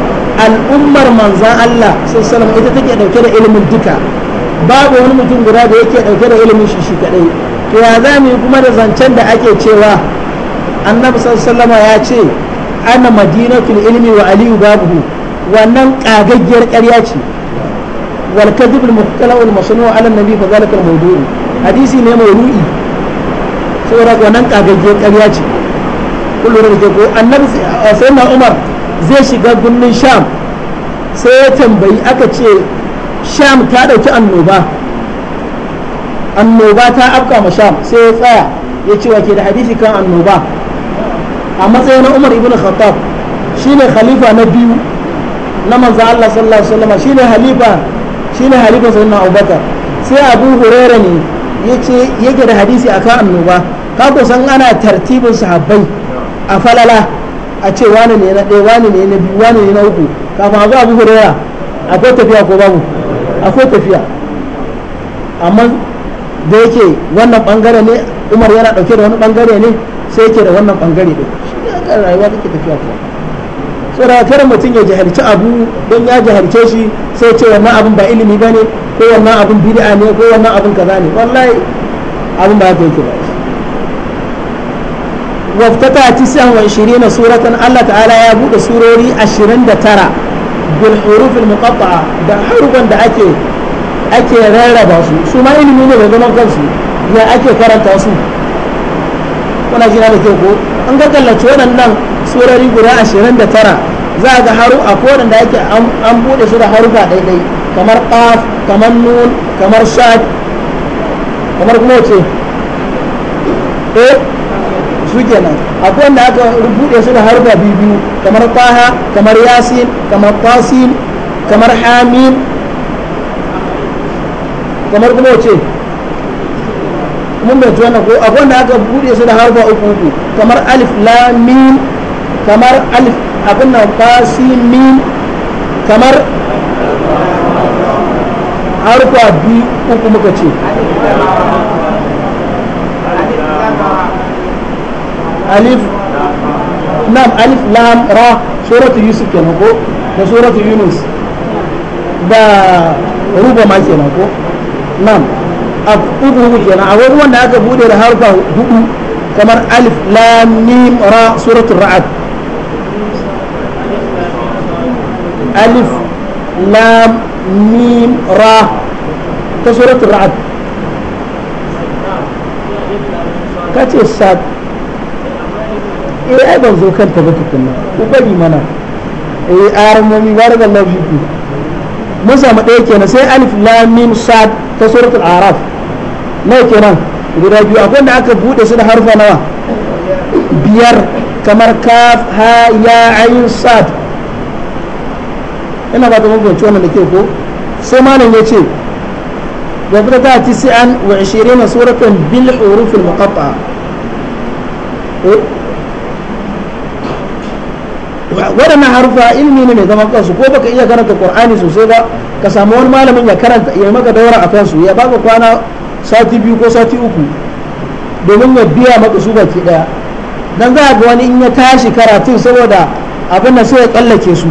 al'ummar manzan Allah sallallahu ita take dauke da ilimin duka babu wani mutum guda da yake dauke da ilimin shi shi kadai to ya za mu yi kuma da zancen da ake cewa annabi sallallahu ya ce ana madinatul ilmi wa aliyu babuhu wannan kagaggiyar ƙarya ce wal kadhib al muhtala wal masnu ala nabi fa zalika al mawdu'u hadisi ne mai ru'i saboda wannan kagaggiyar ƙarya ce kullu da ke ko annabi eh, sayyidina umar zai shiga birnin sham sai ya tambayi aka ce sham ta ɗauki annoba annoba ta afka ma sham sai ya tsaya ya ce wake da hadisi kan annoba a matsayin umar ibn khattab shine khalifa na biyu na manzo Allah sallallahu alaihi wasallam shine halifa shine halifa sayyidina Abubakar sai Abu Hurairah ne yace yake da hadisi akan annoba ka kusan ana tartibin sahabbai a falala a ce wani ne na ɗaya wani ne na biyu wani ne na uku kafin a zo abu hurera akwai tafiya ko babu akwai tafiya amma da yake wannan bangare ne umar yana dauke da wani bangare ne sai yake da wannan bangare din shi ne rayuwa take tafiya ko so da kar mutum ya jahalci abu don ya jahalce shi sai ce wannan abin ba ilimi bane ko wannan abin bid'a ne ko wannan abin kaza ne wallahi abin ba haka yake ba waftata tisan wa shirina suratan Allah ta'ala ya buɗe surori ashirin da tara bil hurufil muqatta'a da harufan da ake ake rarraba su su ma ilimi ne bai zaman kansu ya ake karanta su kuna jina da an ga kallaci waɗannan surori guda ashirin da tara za ga haru a kowane da ake an buɗe su da harufa daidai kamar qaf kamar nun kamar kamar kuma su kenan akwai wanda aka rubuɗe su da harfa biyu kamar taha kamar yasin kamar tasin kamar hamim kamar kuma wace mun bai tuwa ko akwai wanda aka buɗe su da harfa uku uku kamar alif lamin kamar alif abin nan min kamar harfa biyu uku muka ce ألف نعم ألف لام را سورة يوسف كنوكو ده سورة يونس ده ربما كنوكو نعم أفقده كنا أول وانا أكبر ده هارفة هدو كما ألف لام ميم را سورة الرعد ألف لام ميم را سورة الرعد كاتي الساد eh ai ban zo kanta ba ku bari mana eh mami barakallahu mun samu ɗaya kenan sai alif lam mim sad ta suratul araf kenan guda biyu akwai aka bude su da harfa nawa biyar kamar kaf ha ya ayin sad ina ba ta wannan da ke ko sai malam ya ce وبدأ wa وعشرين سورة بالحروف المقطعة إيه؟ waɗannan harufa ilimi ne mai zaman kansu ko baka iya karanta qur'ani sosai ba ka samu wani malamin ya karanta ya maka daura a kansu ya baka kwana sati biyu ko sati uku domin ya biya maka su baki daya dan za ga wani in ya tashi karatun saboda abin da sai ya tsallake su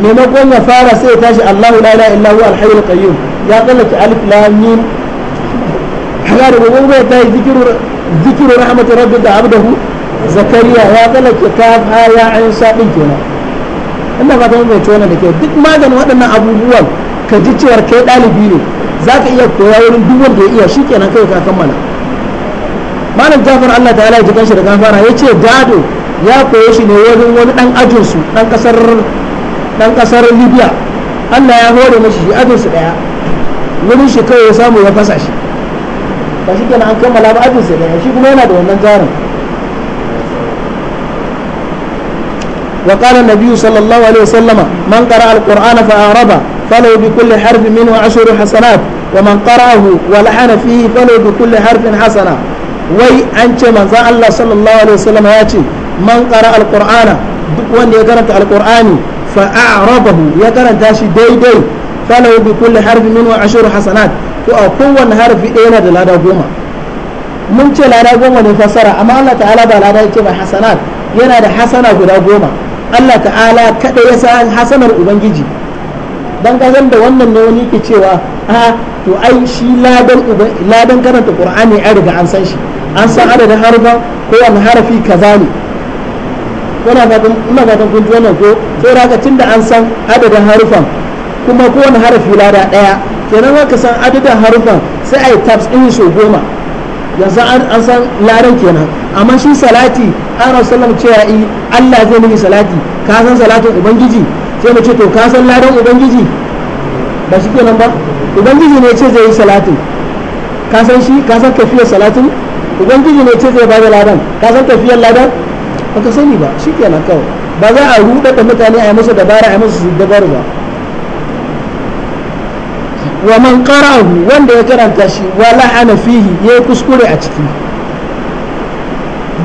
maimakon ya fara sai ya tashi Allahu la ilaha illa huwa al qayyum ya tsallake alif lam mim kaga da gobe ya tashi zikiru zikiru rahmatir rabbika abdahu zakariya ya tsallake kaf ya an sha din kenan inda ba ta mai tona da ke duk maganin waɗannan abubuwan ka ji cewar kai ɗalibi ne za ka iya koya wurin duk wanda ya iya shi kenan kai ka kammala malam jafar allah ta ya ji kanshi da gafara ya ce gado ya koya shi ne wurin wani ɗan ajinsu ɗan ƙasar ɗan ƙasar libya allah ya hore mashi shi ajinsu ɗaya wurin shi kawai ya samu ya fasa shi ba shi kenan an kammala ba ajinsu ɗaya shi kuma yana da wannan jarin وقال النبي صلى الله عليه وسلم من قرأ القرآن فأعرض فله بكل حرف منه عشر حسنات ومن قرأه ولحن فيه فله بكل حرف حسنة وي أنت من ذا الله صلى الله عليه وسلم ياتي من قرأ القرآن وان يقرأ القرآن فأعرضه يقرأ داشي دي دي فله بكل حرف منه عشر حسنات وأقوى حرف إينا دلادا قوما mun ce lada goma ne fassara amma Allah ta'ala ba lada yake ba hasanat yana da hasana guda goma Allah ta'ala kada ya san hasanar ubangiji dan kazan da wannan ne wani ke cewa a to ai shi ladan ladan karanta qur'ani an riga an san shi an san adadin harfa ko wani harafi kaza ne ina fatan ina fatan kun ji wannan ko sai raka tunda an san adadin harufan kuma wani harafi lada daya kenan ka san adadin harufan sai ai tabs din so goma yanzu an san larai kenan amma shi salati an ce ya yi Allah zai miki salati ka san salatin ubangiji sai mu ce to ka san ladan ubangiji ba shi kenan ba ubangiji ne ce zai yi salatin ka san shi ka san tafiyar salatin ubangiji ne ce zai ba da ladan ka san tafiyar ladan ba ka sani ba shi kenan kawai ba za a ruɗa da mutane a yi musu dabara a yi musu dabaru ba wa man qara'ahu wanda ya karanta shi wa la'ana fihi ya kuskure a ciki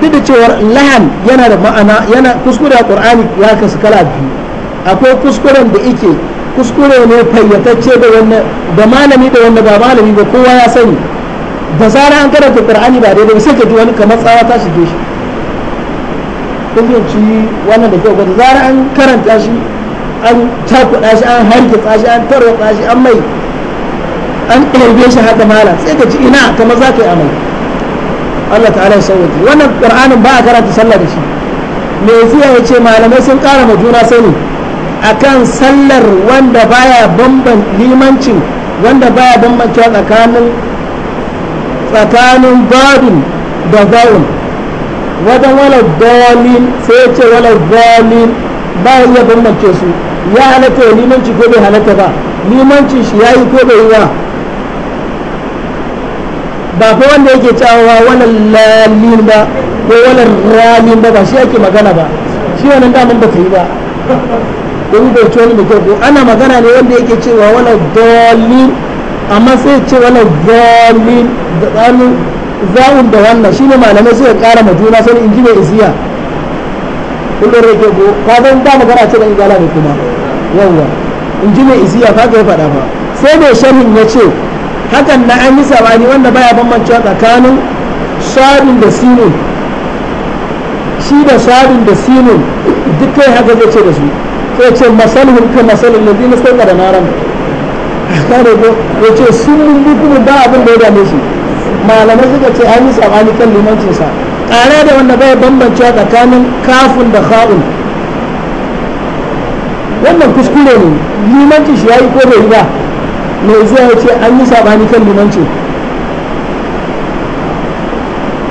duk da cewar lahan yana da ma'ana yana kuskure a qur'ani ya kasu kala biyu akwai kuskuren da yake kuskure ne fayyatacce da wanda da malami da wanda ba malami ba kowa ya sani da zarar an karanta qur'ani ba daidai sai ka ji wani kamar tsawa ta shige shi kun fahimci wannan da kyau da zarar an karanta shi an cakuɗa shi an hargitsa shi an tarwatsa shi an mai an ɗalbe shi haka mala sai ka ji ina kamar maza ka yi amai Allah ta'ala ya sauwaki wannan ƙur'anin ba a karanta sallah da shi me zuwa ya ce malamai sun ƙara ma juna sani akan sallar wanda baya bamban limancin wanda baya bambancewa tsakanin tsakanin badun da zaun wajen wala dalil sai ya ce wala dalil ba ya iya bambance su ya halatta limanci ko bai halatta ba limancin shi ya yi ko bai yi wa ba fa wanda yake cewa wannan lalin ba ko wannan ralin ba ba shi ake magana ba shi wannan daman ba ta yi ba don bai ci wani da ana magana ne wanda yake cewa wannan dalil amma sai ce wannan dalil da tsanin za'un da wannan shine malamai suka kara ma juna sai in ji mai isiya kullum rage ko ka zan da magana ce da igala ne kuma yawwa in ji mai isiya ka ga ya faɗa ba sai mai sharhin ya ce hakan na an yi sabani wanda baya bambancewa tsakanin sabin da sinin shi da sabin da sinin duk kai haka zai ce da su sai ce masalin ka masalin da zina sai da naran kare ko ya ce sun mun ba abin da ya dame su malamai suka ce an yi sabani kan limancinsa tare da wanda baya bambancewa tsakanin kafin da ha'un wannan kuskure ne limancin shi ya yi ko bai yi ba mai zuwa ya ce an yi sabani kan limanci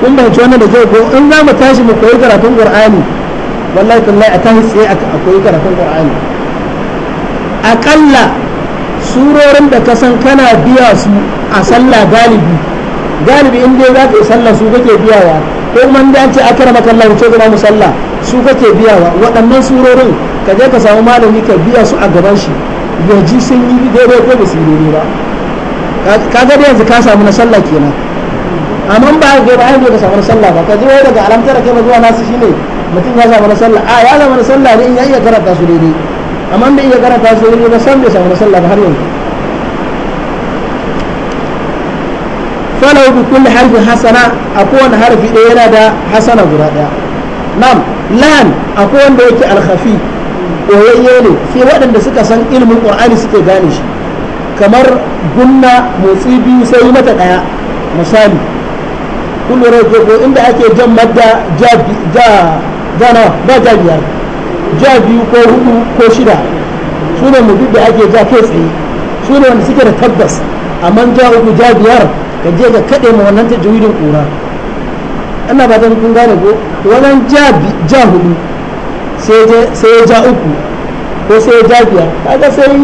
kun bai wannan da zai ko in za mu tashi mu koyi karatun qur'ani wallahi tallahi a tashi tsaye a koyi karatun qur'ani akalla surorin da ka san kana biya su a sallah galibi galibi in dai za ka yi sallah su kake biyawa ko kuma da ce akara makalla wuce zama mu sallah su kake biyawa waɗannan surorin ka je ka samu malami ka biya su a gaban shi ya ji sun yi daidai ko ba su yi daidai ba kaga da yanzu ka samu na sallah kenan amma ba ga ba hanyar ka samu na sallah ba ka ji wai daga alamtar kai ba zuwa nasu shine mutum ya samu na sallah a ya samu na sallah ne in ya iya karanta su daidai amma bai iya karanta su daidai ba san bai samu na sallah ba har yanzu falau bi kulli harfin hasana a kowane harfi ɗaya yana da hasana guda ɗaya nam lan akwai wanda yake alkhafi koyayye ne sai waɗanda suka san ilimin ƙur'ani suke gane shi kamar gunna motsi biyu sai mata ɗaya misali kullum rai ko inda ake jan madda ba ja biyar ja biyu ko hudu ko shida su ne mu da ake ja kai tsaye su ne wanda suke da tabbas amma ja uku ja biyar ka je ka kaɗe ma wannan tajwidin ƙura ana ba ta kun gane ko wajen ja hudu sai ya ja uku ko sai ya ja biyar kaga sai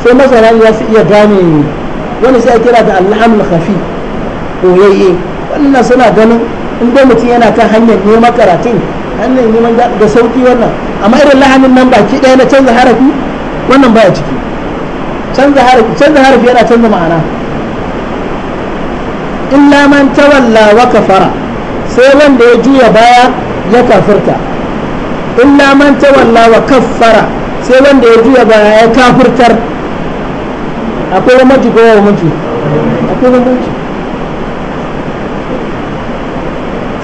sai masana ya su iya gane wani sai a kira da alhamul khafi koyayye wannan suna ganin in dai mutum yana kan hanyar neman karatun hanyar neman da sauki wannan amma irin lahanin nan baki ɗaya na canza harafi wannan baya ciki canza harafi canza harafi yana canza ma'ana illa man tawalla wa kafara sai wanda ya juya baya ya kafirta illa man tawalla wa kaffara sai wanda ya juya ba ya kafirtar akwai bambanci ko ya bambanci akwai bambanci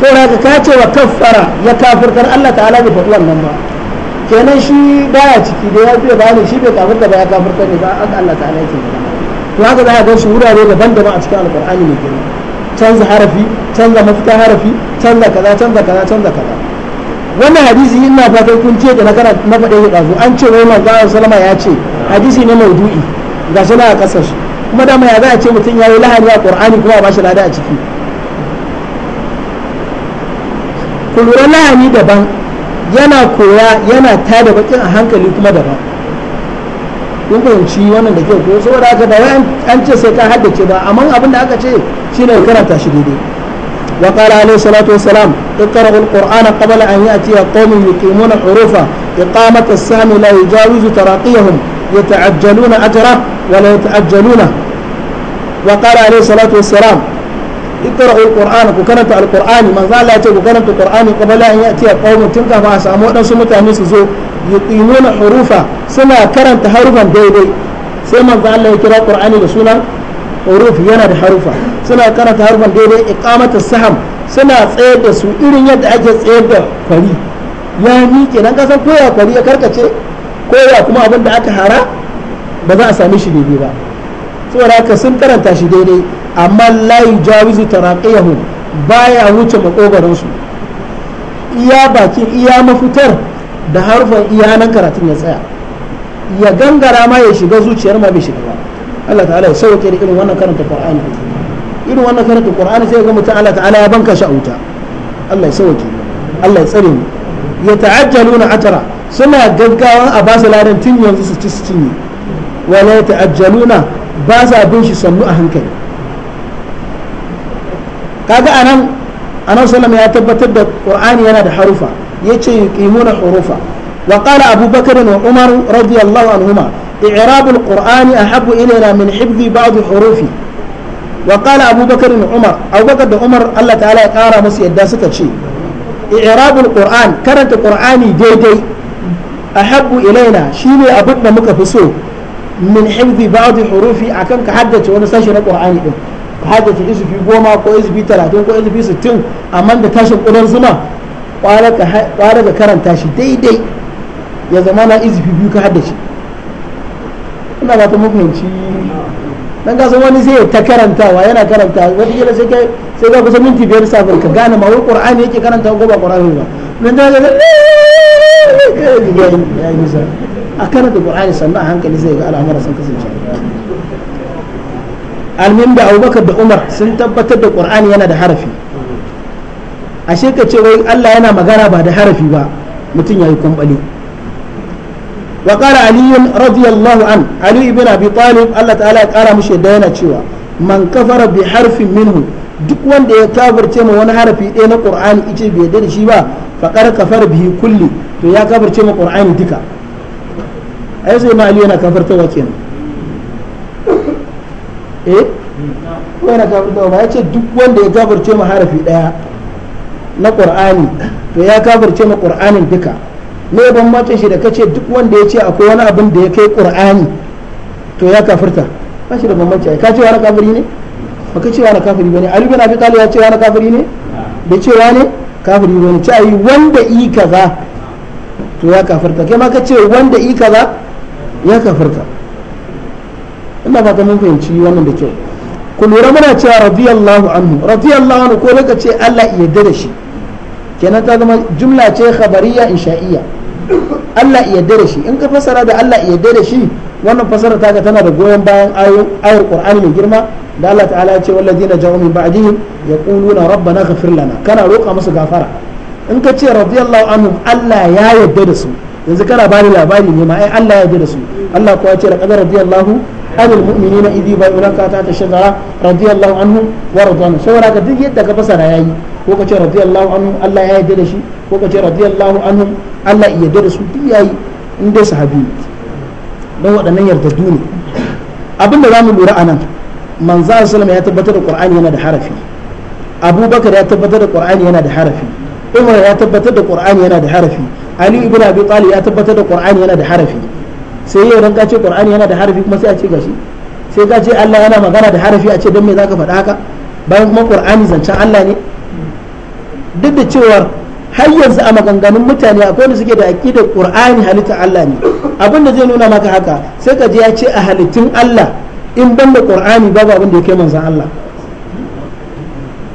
saboda ka kace wa kaffara ya kafirtar Allah ta'ala bai faɗi wannan ba kenan shi baya ciki da ya juya bayanin shi bai kafirta ba ya kafirtar ne ba Allah ta'ala yake to haka za a ga shi wurare daban-daban a cikin alkur'ani mai girma canza harafi canza mafita harafi canza kaza canza kaza canza kaza wannan hadisi ina fatan kun ce da na faɗe ya ɗazu an ce wai manzo sallama ya ce hadisi ne mai ga shi na a ƙasar shi kuma dama ya za a ce mutum ya yi lahani a kur'ani kuma ba shi lada a ciki ku lahani daban yana koya yana tada bakin a hankali kuma daban kun fahimci wannan da kyau ko saboda haka da an ce sai ka haddace ba amma abin da aka ce shi ne karanta shi daidai وقال عليه الصلاة والسلام اقرأ القرآن قبل أن يأتي قوم يقيمون حروفا إقامة السام لا يجاوز تراقيهم يتعجلون أجره ولا يتعجلونه وقال عليه الصلاة والسلام اقرأوا القرآن وكانت القرآن من ذا لا يتبقى كانت القرآن قبل أن يأتي قوم تلك فأسامو أنسو متأنس زو يقيمون حروفه سنة كرنت حرفا ديدي سيما ذا لا يكرا القرآن لسنة huruf yana da harufa suna karanta harufan daidai iqamatu saham suna tsayar da su irin yadda ake tsayar da kwari ya miƙe nan kasan koya kwari ya karkace koya kuma abin da aka hara ba za a sami shi daidai ba saboda haka sun karanta shi daidai amma la yujawizu taraqiyahu baya wuce makogarin su iya bakin iya mafitar da harufan iya nan karatun ya tsaya ya gangara ma ya shiga zuciyar ma bai shiga Allah ta'ala ya sauke da irin wannan karanta Qur'ani irin wannan karanta Qur'ani sai ga mutum Allah ta'ala ya banka shi wuta Allah ya sauke Allah ya tsare mu ya ta'ajjaluna atara suna gaggawa a basu ladan tun yanzu su ci su wala ya ta'ajjaluna ba sa bin shi sannu a hankali kaga anan anan sallama ya tabbatar da Qur'ani yana da harufa yace yuqimuna hurufa وقال أبو بكر وعمر رضي الله عنهما إعراب القرآن أحب إلينا من حفظ بعض حروفه وقال أبو بكر وعمر أبو بكر وعمر الله تعالى قال مسي الداسة شيء إعراب القرآن كرنت القرآن دي دي أحب إلينا شيني أبدنا مكفسو من حفظ بعض حروفي أكن كحدث وأنا ساشر القرآن دي haddace izufi goma ko izufi talatin ko izufi sittin amma da tashin ƙudan zuma ƙwara ka karanta shi daidai ya zama na izifi biyu ka haddace ina ba ta mafiyanci dan ka san wani sai ta karantawa yana karanta wata kila sai kai sai ka kusa minti biyar safin ka gane ma wai qur'ani yake karanta ko ba qur'ani ba nan da ga ya yi a karanta qur'ani sannan a hankali sai ga al'amuran sun kasance almin da abubakar da umar sun tabbatar da qur'ani yana da harafi ashe ka ce wai Allah yana magana ba da harafi ba mutum ya yi kwambali وقال علي رضي الله عنه علي بن أبي طالب الله تعالى قال مش دينا شوى من كفر بحرف منه duk wanda ya kafirce ma wani harafi ɗaya na ƙur'ani ice bai yarda da shi ba faƙar kafar bihi kulli to ya kafirce ma ƙur'ani duka ai sai ma yana kenan eh ko yana ba ya ce duk wanda ya kafirce ma harafi ɗaya na ƙur'ani to ya kafirce ma ƙur'anin duka me bambancin shi da kace duk wanda ya ce akwai wani abin da ya kai qur'ani to ya kafirta ba shi da bambanci ka ce wani kafiri ne ba ka ce wani kafiri bane ali bin abi talib ya ce wani kafiri ne da ce wani kafiri bane ce ai wanda i kaza to ya kafirta kai ma ka ce wanda i kaza ya kafirta ina fata mun fahimci wannan da kyau ku lura muna cewa radiyallahu anhu radiyallahu anhu ko ne ka ce Allah ya yarda da shi kenan ta zama jumla ce khabariyya insha'iyya Allah iya da shi in ka fasara da Allah iya da shi wannan fasara ta ga tana da goyon bayan ayar Qur'ani mai girma da Allah ta'ala ya ce walladina ja'u min ba'dihim yaquluna rabbana ghfir lana kana roƙa musu gafara in ka ce radiyallahu anhum Allah ya yarda da su yanzu kana ba ni labari ne ma ai Allah ya yarda da su Allah kuwa ya ce laqad radiyallahu anil mu'minina idh yubayyinuka ta ta shajara radiyallahu anhum wa radwanu saboda ka duk yadda ka fasara yayi ko ka ce radiyallahu anhum Allah ya yarda da shi ko ka ce radiyallahu anhum Allah ya yarda da su duk yayi in dai sahabi dan waɗannan yarda ne abin da zamu lura anan manzo sallallahu ya tabbatar da qur'ani yana da harafi abubakar ya tabbatar da qur'ani yana da harafi umar ya tabbatar da qur'ani yana da harafi ali ibn abi talib ya tabbatar da qur'ani yana da harafi sai yau ranka ce qur'ani yana da harafi kuma sai a ce gashi sai ka ce Allah yana magana da harafi a ce don me zaka faɗa haka bayan kuma qur'ani zancen Allah ne duk da cewar har yanzu a maganganun mutane akwai wanda suke da aqidar qur'ani halitta Allah ne abin da zai nuna maka haka sai ka ji ya ce a halittun Allah in ban da qur'ani babu abin da ya kai manzon Allah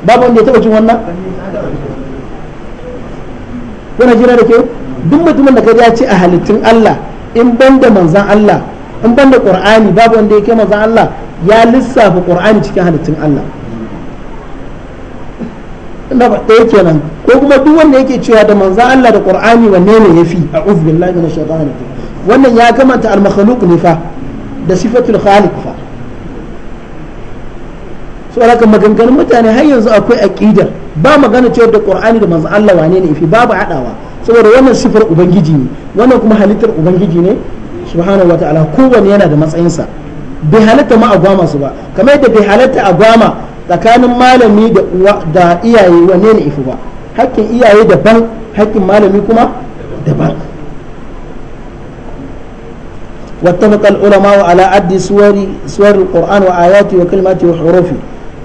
babu wanda ya taba jin wannan kuna jira da kyau duk mutumin da ka ji ya ce a halittun Allah in ban da manzon Allah in ban da qur'ani babu wanda ya kai manzon Allah ya lissafa qur'ani cikin halittun Allah ɗaya kenan ko kuma duk wanda yake cewa da manzan Allah da Qur'ani wanne ne yafi a uf billahi minash wannan ya kamanta al makhluq ne fa da sifatul khaliq fa saboda kan maganganun mutane har yanzu akwai aqidar ba magana cewa da Qur'ani da manzan Allah wane ne yafi babu hadawa saboda wannan sifar ubangiji ne wannan kuma halittar ubangiji ne subhanahu wataala kowanne yana da matsayinsa bai halatta ma a gwama su ba kamar yadda bai halitta a gwama tsakanin malami da iyaye wanne ne ifi ba hakkin iyaye daban hakkin malami kuma daban واتفق العلماء على عد سور سور القرآن وآياته وكلماته وحروفه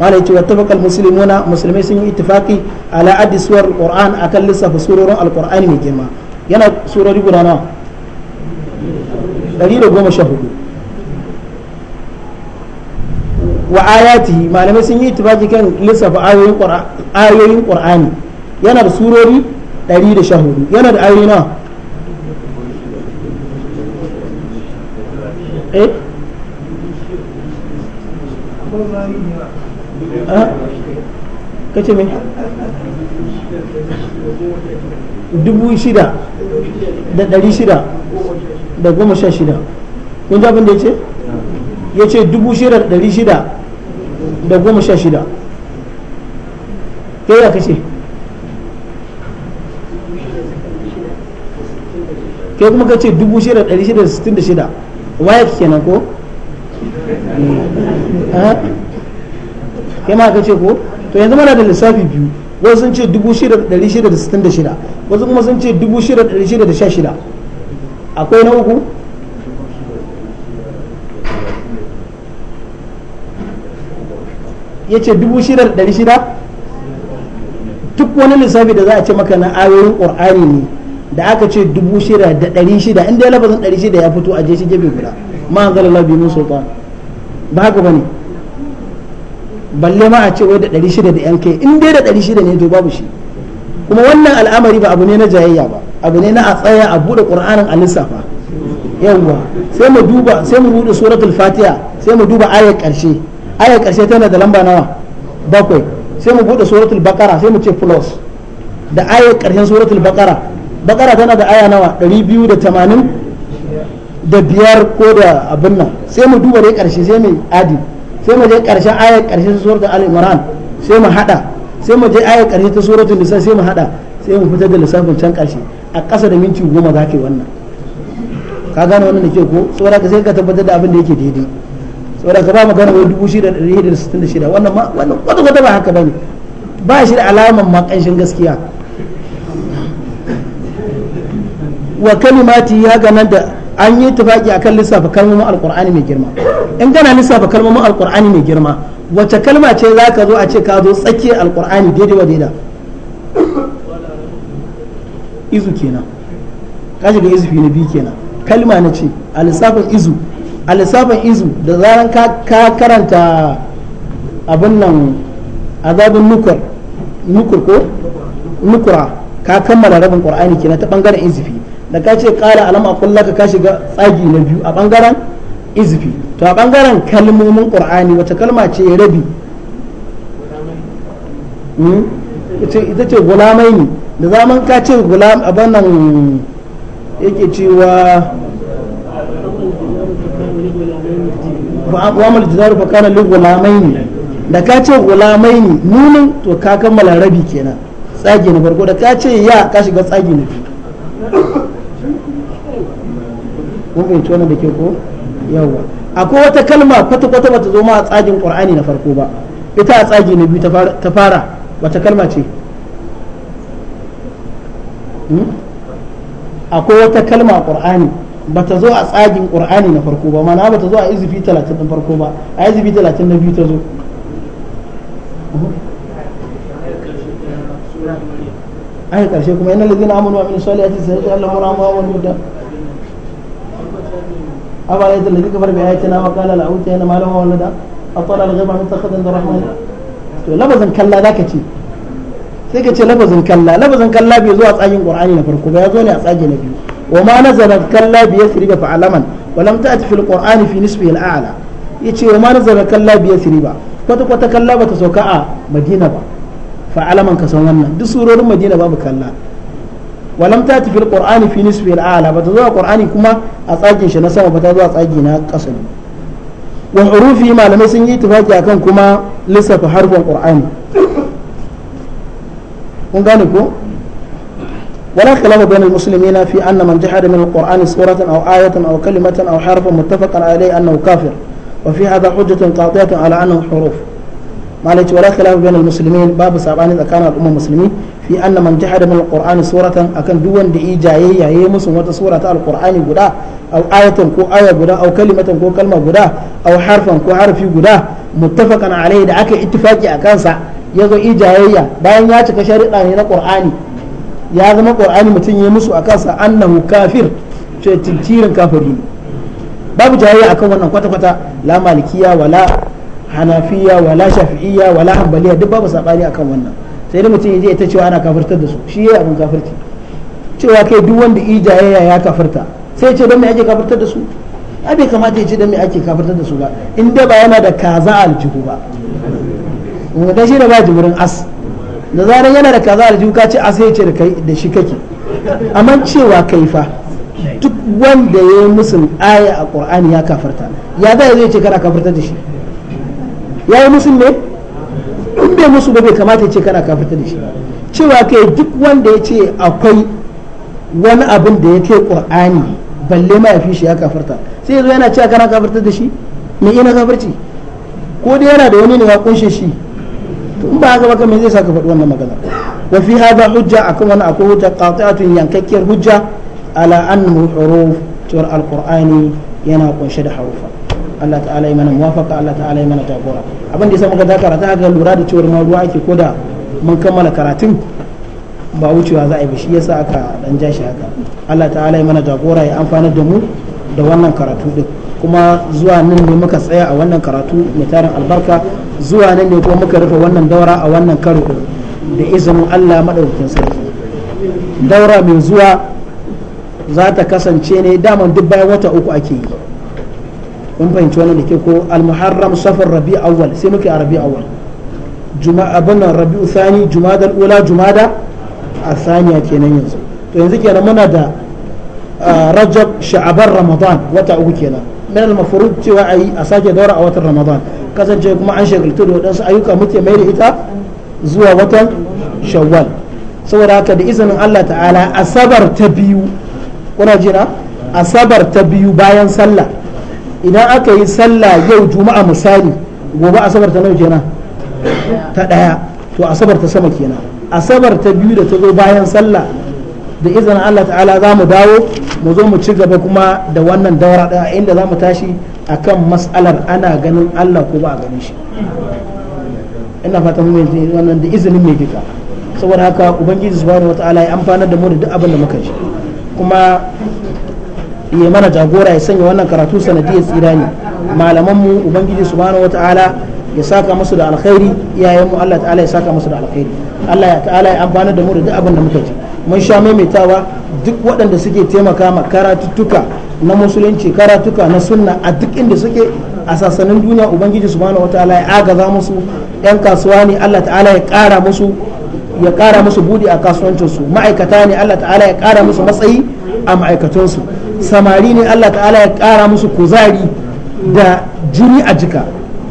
قال واتفق المسلمون مسلمين سن اتفاقي على عد سور القرآن أكل لسه سورة القرآن من جماعة ينا سورة ربنا دليل قوم wa ayati malamai sun yi ittifaki kan lissafa ayoyin qur'ani yana da surori 114 yana da ayoyi nawa eh ah? kace me dubu shida da ɗari shida da goma sha shida kun ji abin da ya ce ya ce dubu shida da ɗari shida da goma sha shida kai ya ce kai kuma ka ce dubu shida ɗari shida da sittin da shida waya kenan ko eh? Eh? kai ma ce ko to yanzu mana da lissafi biyu wasu sun ce dubu shida da ɗari shida da sittin da shida wasu kuma sun ce dubu shida da ɗari shida da sha shida akwai na uku ya ce dubu shida da ɗari shida duk wani lissafi da za a ce maka na ayoyin ƙur'ani ne da aka ce dubu shida da ɗari shida inda ya lafazin ɗari shida ya fito a je shi gefe guda ma an zala labi min sultan ba haka ne balle ma a ce wai da ɗari shida da yan kai in dai da ɗari shida ne to babu shi kuma wannan al'amari ba abu ne na jayayya ba abu ne na a tsaya a buɗe ƙur'anin a lissafa yawwa sai mu duba sai mu buɗe suratul fatiha sai mu duba ayar ƙarshe aya karshe tana da lamba nawa bakwai sai mu bude suratul baqara sai mu ce plus da aya karshen suratul baqara baqara tana da aya nawa 280 da biyar ko da abin nan sai mu duba dai karshe sai mu adi sai mu je karshen aya karshen suratul al-imran sai mu hada sai mu je aya karshe ta suratul nisa sai mu hada sai mu fitar da lissafin can karshe a ƙasa da minti goma za yi wannan ka gane wannan da ke ko saboda ka sai ka tabbatar da abin da yake daidai saboda ka ba magana wai dubu shida da ɗari da sittin da shida wannan ma wannan wata kwata ba haka bane ba shi da alaman ma ƙanshin gaskiya wa kalimati ya ganan da an yi a akan lissafa kalmomin alkur'ani mai girma in kana lissafa kalmomin alkur'ani mai girma wace kalma ce za ka zo a ce ka zo tsakiyar alkur'ani daidai wa daida izu kenan ka shiga izu na biyu kenan kalma na ce a lissafin izu a lissafin izu da zaran ka karanta abin nan azabin nukur nukur ko nukura ka kammala rabin qur'ani kenan ta bangaren izifi da ka ce qala alam a ka shiga tsagi na biyu a bangaren izifi to a bangaren kalmomin qur'ani wata kalma ce rabi hmm? ita ce gulamai ne da zaman ka ce gulam abin nan yake cewa wa jidaru fa kana lil gulamaini da ka ce gulamaini nunin to ka kammala rabi kenan tsage na farko da ka ce ya ka shiga tsage na biyu kun fahimci wannan da ke ko yawa akwai wata kalma kwata-kwata bata zo ma a tsagin qur'ani na farko ba ita a tsage na biyu ta fara wata kalma ce hmm? akwai wata kalma a qur'ani ba ta zo a tsagin qur'ani na farko ba mana ba ta zo a izifi talatin na farko ba a izifi talatin na biyu ta zo kuma wa sai ka ce labazin kalla labazin kalla bai zo a tsayin ƙurani na farko ba ya zo ne a na biyu وما نزلت كلا بيثرب فعلما ولم تأت في القرآن في نسبه الأعلى يتي وما نزلت كلا بيثرب kwata kwata kalla bata sauka a madina ba fa ka san wannan surorin madina babu kalla walam ta tafi alqur'ani fi nisfi al'ala bata zo qur'ani kuma a tsagin shi na sama bata zo a tsagi na ƙasa ne hurufi malamai sun yi a kan kuma lissafa harfin qur'ani ko ولا خلاف بين المسلمين في أن من جحد من القرآن سورة أو آية أو كلمة أو حرفا متفقا عليه أنه كافر وفي هذا حجة قاطعة على أنه حروف مالك ولا خلاف بين المسلمين باب سابان إذا كان الأمة المسلمين في أن من جحد من القرآن سورة أكن دون دعي جاية هي مسلم سورة القرآن قدا أو آية كو آية قدا أو كلمة كو كلمة قدا أو حرفا كو حرف قدا متفقا عليه دعك اتفاقي أكانسا يزو إيجاية باين ياتك شريطا هنا قرآني ya zama ƙwar'ani mutum ya musu a kansa annahu kafir ce tintirin kafiri ne babu jayayya akan wannan kwata kwata la malikiya wala hanafiya wala shafi'iyya wala hanbaliya duk babu sabani akan wannan sai da mutum ya je ita cewa ana kafirtar da su shi yayi abin kafirci cewa kai duk wanda jayayya ya kafirta sai ce don me ake kafirtar da su abin kamata ya ce don me ake kafirtar da su ba in dai ba yana da kaza aljihu ba da shi da ba jimurin as da zarar yana da kaza da ka ce a sai ce da shi kake amma cewa kai fa duk wanda ya yi musu aya a qur'ani ya kafarta ya zai zai ce kana kafarta da shi ya yi musu ne in bai musu ba bai kamata ya ce kana kafarta da shi cewa kai duk wanda ya ce akwai wani abin da ya kai qur'ani balle ma ya fi shi ya kafarta sai ya zo yana cewa kana kafarta da shi me ina kafarci ko dai yana da wani ne ya kunshe shi to in ba ga baka me zai saka faɗi wannan magana wa fi hadha hujja akan wani akwai hujja qati'atun yankakkiyar hujja ala annahu huruf cewar alqur'ani yana kunshe da harufa Allah ta'ala ya mana muwafaqa Allah ta'ala ya mana jagora abin da yasa muka dakara ta ga lura da cewar ma ruwa ake koda mun kammala karatun ba wucewa za a yi ba shi yasa aka dan ja shi haka Allah ta'ala ya mana jagora ya amfana da mu da wannan karatu din kuma zuwa nan ne muka tsaya a wannan karatu mai tarin albarka zuwa nan ne kuma muka rufe wannan daura a wannan karo da izinin Allah madaukakin sarki daura mai zuwa za ta kasance ne daman duk bayan wata uku ake yi kun fahimci wannan da ke ko al-muharram safar rabi awwal sai muke a rabi awwal juma'a Rabi rabi'u thani jumada ula jumada a saniya kenan yanzu to yanzu kenan muna da rajab sha'abar ramadan wata uku kenan min al-mafrud cewa a sake daura a watan ramadan kasance kuma an shagaltu da wadansu ayyuka muke mai da ita zuwa watan shawwal saboda haka da izinin Allah ta'ala asabar ta biyu kuna jira asabar ta biyu bayan sallah idan aka yi sallah yau juma'a misali gobe asabar ta nawa kenan ta daya to asabar ta sama kenan asabar ta biyu da ta zo bayan sallah da izinin Allah ta'ala za mu dawo mu zo mu ci gaba kuma da wannan daura ɗaya inda za mu tashi akan mas'alar ana ganin Allah ko ba a ganin shi ina fata mu yanzu wannan da izinin mai duka saboda haka ubangiji subhanahu wata'ala ya amfana da mu da duk abin da muka ji kuma ya mana jagora ya sanya wannan karatu sanadiyar tsira ne malaman mu ubangiji subhanahu wata'ala ya saka musu da alkhairi iyayen mu Allah ta'ala ya saka musu da alkhairi Allah ya ta'ala ya amfana da mu da duk abin da muka ji mun sha maimaitawa duk waɗanda suke taimaka ma karatuttuka na musulunci karatuka na sunna a duk inda suke a sassanin duniya ubangiji subhanahu wataala ya agaza musu yan kasuwa ne Allah ta'ala ya ƙara musu ya ƙara musu budi a kasuwancinsu ma'aikata ne Allah ta'ala ya kara musu matsayi a ma'aikatunsu samari ne Allah ta'ala ya kara musu kuzari da jini a jika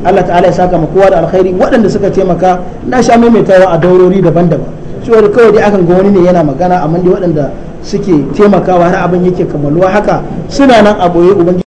Allah ta'ala ya saka ma da alkhairi waɗanda suka taimaka na sha maimaitawa a daurori daban-daban cewar kawai dai akan ga wani ne yana magana amma dai waɗanda suke taimakawa har abin yake kammaluwa haka suna nan a boye ubangiji